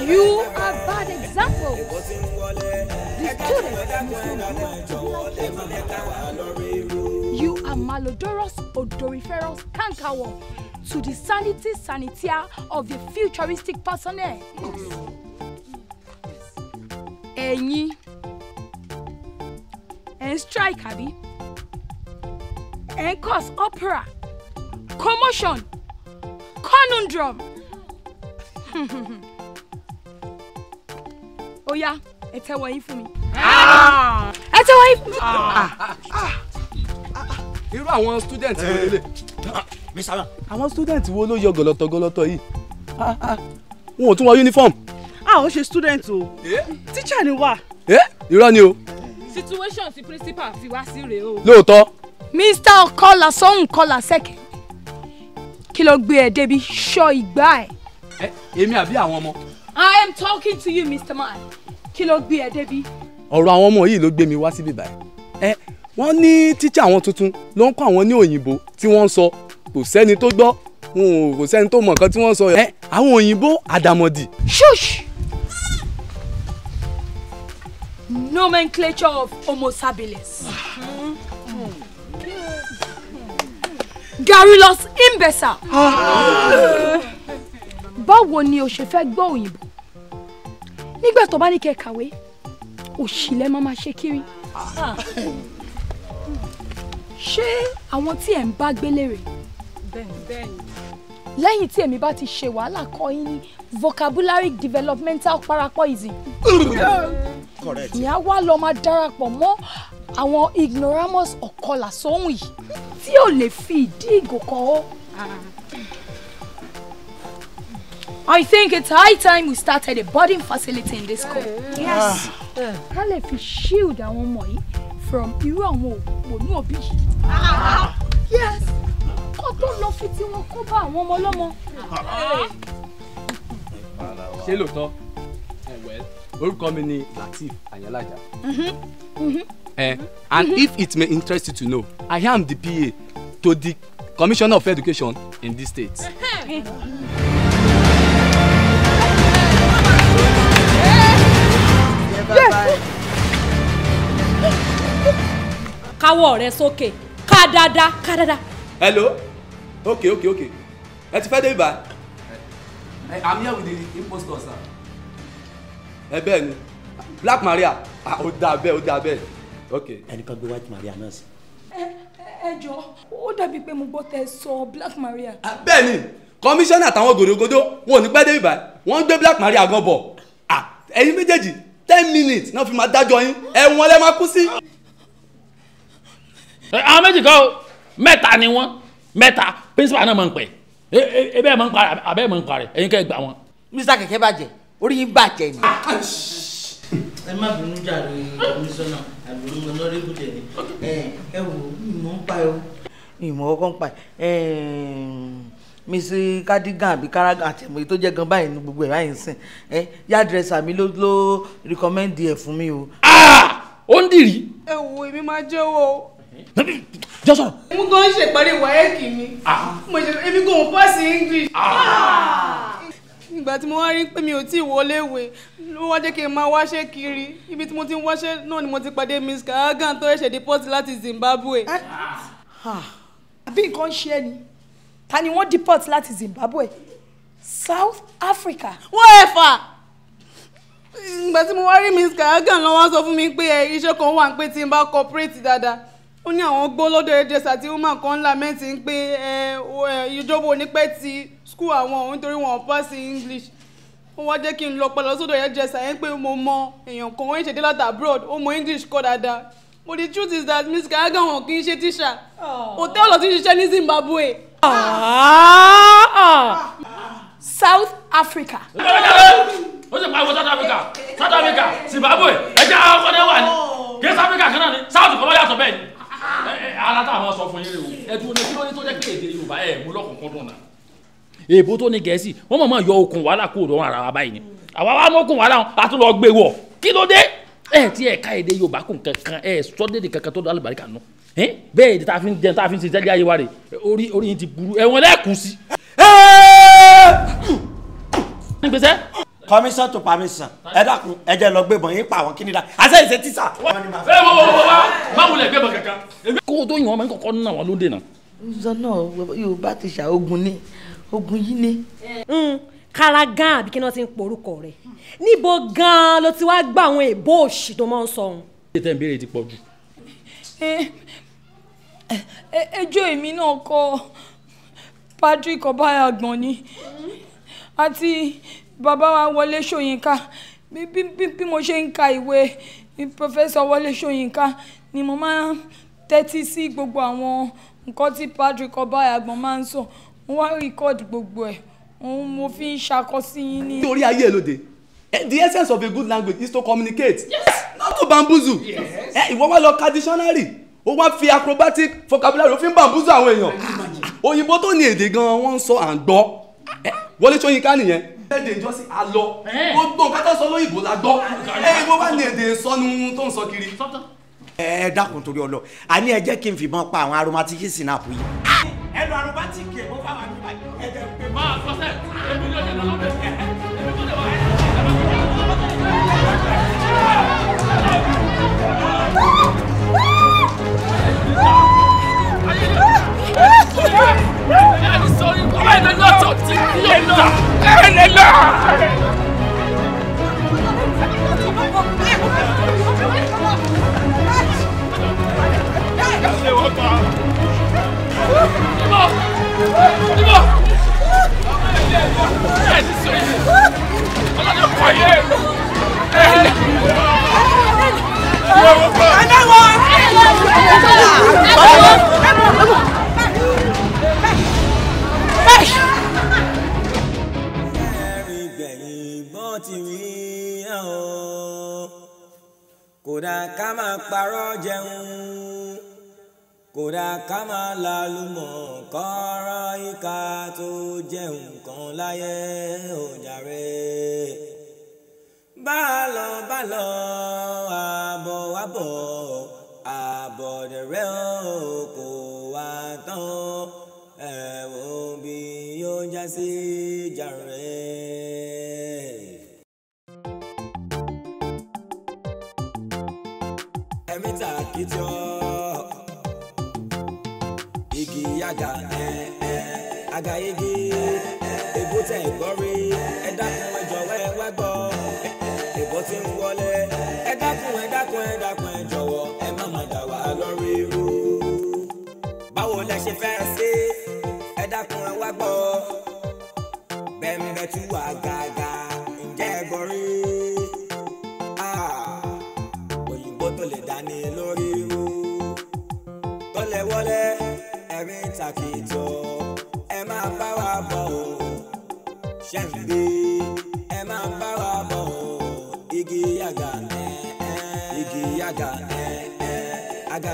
You are bad example. The students must not be like you. You are malodorous, odoriferous cankerworm to the sanity sanitia of the futuristic personnel. Ẹ̀yin. Yes ẹ̀ ń strike àbí ẹ̀ ń cause opera commotion conundrum ó [LAUGHS] yá ẹ tẹ́wọ́ yín fún mi ah! ẹ tẹ́wọ́ yín fún mi. Ah! Ah! irú àwọn student wo lélẹ̀. Eh, misala àwọn student wo ló yọ gọlọtọ gọlọtọ yìí wọn ò tún wọ uniform. a ò ṣe student o eh? tíṣà ni wà. Eh? irọ́ ni o situation ti principal fi wá sí rèé o. lóòótọ́. mr ọkọlá sọ́hùn kọlá sẹ́kẹ̀ kí ló gbé ẹ débi ṣọ́ ìgbà ẹ. ẹ èmi àbí àwọn ọmọ. i am talking to you mr man kí ló gbé ẹ débi. ọ̀rọ̀ àwọn ọmọ yìí ló gbé mi wá síbí báyìí. ẹ wọ́n ní tíṣà àwọn tuntun ló ń kọ́ àwọn ní òyìnbó tí wọ́n ń sọ kò sẹ́ni tó gbọ́ kò sẹ́ni tó mọ̀ nǹkan tí wọ́n ń sọ. ẹ àwọn òyìnbó àdàmọ̀dì. ṣúṣù nomenclature of homo habilis. garrulous imbecile. báwo ni o ṣe fẹ́ gbọ́ òyìnbó nígbà tó bá ní kẹ́ kàwé òṣìlẹ̀ máa ṣe kiri. ṣé àwọn tí ẹ̀ ń bá gbélé rè lẹ́yìn tí èmi bá ti ṣe wàhálà kọ́ yín ní vocabulary developmental paracoism. correct. ìyá wa lọ máa darapọ̀ mọ́ àwọn ignoramus ọ̀kọlà sóhun yìí tí ò lè fi ìdí ìgò kọ́ I think it's high time we started a boarding facility in this school. Yes. Ká lè fi shield àwọn ọmọ yìí from irú àwọn òpònú òbí yìí. Ah. Yes kó tó lọ fi tiwọn kó bá àwọn ọmọ ọlọ́mọ. ṣé lóòótọ́ orúkọ mi ni Lateef Ayalaja. Uh, and if it may interest you to know, I am the PA to the Commissioner of Education in this state. káwọ́ rẹ sókè ká dáadáa ká dáadáa. hello okay okay okay ẹ ti fẹ́ dé ibà. ẹ i'm here with the impostor sir. ẹ bẹ́ẹ̀ ni black maria ó dà bẹ́ẹ̀ ó dà bẹ́ẹ̀ okay. ẹnìkan gbé white maria náà sí. ẹ ẹ jọ ó dàbí pé mo gbọ́ tẹ sọ black maria. bẹ́ẹ̀ ni kọmíṣánná àtàwọn gòdògòdò wọn ò ní pẹ́ dé ibà wọ́n ń gbé black maria gan bọ̀ ẹ̀yin méjèèjì ten minutes náà fi máa dájọ́ yín ẹ̀wọ̀n lẹ́ máa kú sí. àwọn méjì kan mẹ́ta ni wọ́n mẹ́ta principal náà máa ń pẹ́ ẹ bẹ́ẹ̀ máa ń parẹ́ abẹ́ẹ̀ máa ń parẹ́ ẹ̀yin kẹ́ ẹ gbà wọn. mr kẹ̀kẹ́ bàjẹ́ orí yín bàjẹ́ ni. ẹ má bínú jàre komisanna àbínú ọlọ́rẹ́bù jẹ ni ẹ wò ìmọ̀ ń pa ẹ o. ìmọ̀ ọkọ̀ ń pa ẹ miss cardigan àbí caragan àtẹ̀mọ́ èyí tó jẹ́ gan báyìí ní gbogbo ẹ̀ báyìí ń sìn ẹ yá dírẹ́sà mi ló ló recommend ẹ̀ fún mi o. Ah! ó ń dìrí. ẹ wo èmi máa jẹ́wọ́ o jọ sọ̀rọ̀. mo gan ṣe parí wáyẹ́kì mi mo ṣe èmi kò ń pọ́sì english. Ah. Ah. ìgbà tí mo wá rí pé mi ò tí ì wọléwé ló wá jẹ́ kí n máa wáṣẹ́ kiri ibi tí mo ti ń wáṣẹ́ náà ni mo ti pàdé miss kagan tó ṣẹ̀ṣẹ̀ dé port láti zimbabwe. Ah. àbí nǹkan ṣe é ni ta ni wọ́n deport láti zimbabwe south africa. wọ́n ẹ̀ fà ìgbà tí mo wá rí miss kagan ló wá sọ fún mi pé iṣẹ́ kan wà pé tí n bá cooperate dáadáa ó ní àwọn gbọ́ lọ́dọ̀ edesa tí ó máa kàn lamẹ́ǹtì ń pé ìjọba onípẹ́ ti skul àwọn òun torí wọn pass english ó wá jẹ́ kí n lọ padà sọ́dọ̀ edesa yẹn pé mo mọ èèyàn kan wọ́n ń ṣèdè láti abroad ó mọ english kọ́ dáadáa but the truth is that miss kayaga wọn kì í ṣe tíṣà hòtẹ́ẹ̀lì ló ti ṣiṣẹ́ ní zimbabwe. south africa. ó sì pariwo south africa south africa zimbabwe ẹ̀jẹ̀ àwọn ọkọ̀ ní wà ní south africa kan náà ní south kọ́ ló yàtọ̀ bẹ́ẹ̀ ni. Eh, eh, ara tá a máa sọ fún yín rè o ẹdun ní kílódé tó jẹ́ pé èdè yorùbá ẹ̀ mú lọ́kùnkún dùn náà. èèbó tó ní gẹ̀ẹ́sì wọ́n mọ̀ mọ́ yọ okùn wàhálà kúrò lọ́wọ́ ara wa báyìí ni àwa wa mọ́ okùn wàhálà a tún lọ gbé wọ̀ kílódé ẹ̀ tí ẹ̀ ká èdè yorùbá kùn kankan ẹ̀ sọ́dẹ̀dẹ̀ kankan tó lálùbáríkà nù bẹ́ẹ̀ èdè tá a fi ń jẹun tá a fi ń ṣe jẹ́jẹ́ ayé wa rè orí orí yìí ti burú ẹ̀wọ̀n lẹ́ẹ̀kú sí. ẹ̀ẹ́ commission to permission ẹ dákun ẹ jẹ́ lọ gbébọn yín pa àwọn kí ni dá àṣẹ ìṣe tíṣà. ẹ wo wo wo wa má wulẹ̀ gbébọn kankan. kó o tó yàn wọn máa ń kọ́kọ́ ná wọn lóde náà. nsọ́nà yorùbá ti ṣà ogun ni ogun yìí ni. Hmm, kára gan àbí kí náà ti ń porúkọ rẹ níbo gan ló ti wá gba àwọn èèbó òṣì tó máa ń sọ òun. ilé tẹ́ ń béèrè ti pọ̀ jù. ẹjọ́ eh, eh, eh, èmi náà kọ Patrick ọbaayagbọ̀n ni àti bàbá wa wọlé ṣóyínká bí mo ṣe ń ka ìwé pọfẹ́sọ wọlé ṣóyínká ni mo máa ń tẹ́tí sí gbogbo àwọn nǹkan tí Patrick Ọbáyàgbọ́n máa ń sọ mo wá rìkọ́ọ̀dì gbogbo ẹ̀ mo fi ń ṣàkọsíyín ní. nítorí ayé lóde the essence of a good language is to communicate yes. not to bamboozle Yes. Eh, ìwọ wá lọ ka dictionary ó wá fi acrobatic vocabulary ó fi ń bamboozle àwọn èèyàn òyìnbó tó ní èdè gan-an wọ́n ń sọ à ń gbọ́ wọlé ṣóyínká nìyẹn èdè ìjọsí àlọ gbogbo nǹkan tó sọ lóyìnbó la gbọ́ ẹ bó bá ní èdè sọnù tó ń sọ kiri. ẹ dákun torí ọlọ àní ẹ jẹ́ kí n fìbọn pa àwọn aromatiki sinapu yìí. ẹ lọ aromatiki ẹ bó bá wà nípa ẹ jẹ pé. máa sọ sẹ èmi ló dé lọ́wọ́ bẹ́ẹ̀ ẹ èmi tó lè wà ẹ ẹni sọrí kódà ká máa parọ́ jẹun kódà ká máa lálùmọ̀ kọ́rọ́ ìka tó jẹ́ nǹkan láyé òjàre. bá a lọ bá lọ àbọ̀ wábọ̀ àbọ̀ dẹ̀rẹ́ o kò wá tán ẹ̀wọ̀ sí jàre. ẹ̀mí ta kìjọ igi yàgà ẹ̀ ẹ̀ àgà igi.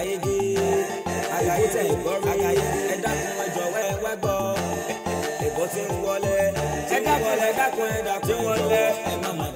àgàyégi àgàyé tẹ̀ àgàyé ẹ dákun ẹ jọ̀wọ́ ẹ wá gbọ́ èkó tí ń wọlé ẹ dákun ẹ dákun ẹ dákun tí ń wọlé ẹ má má.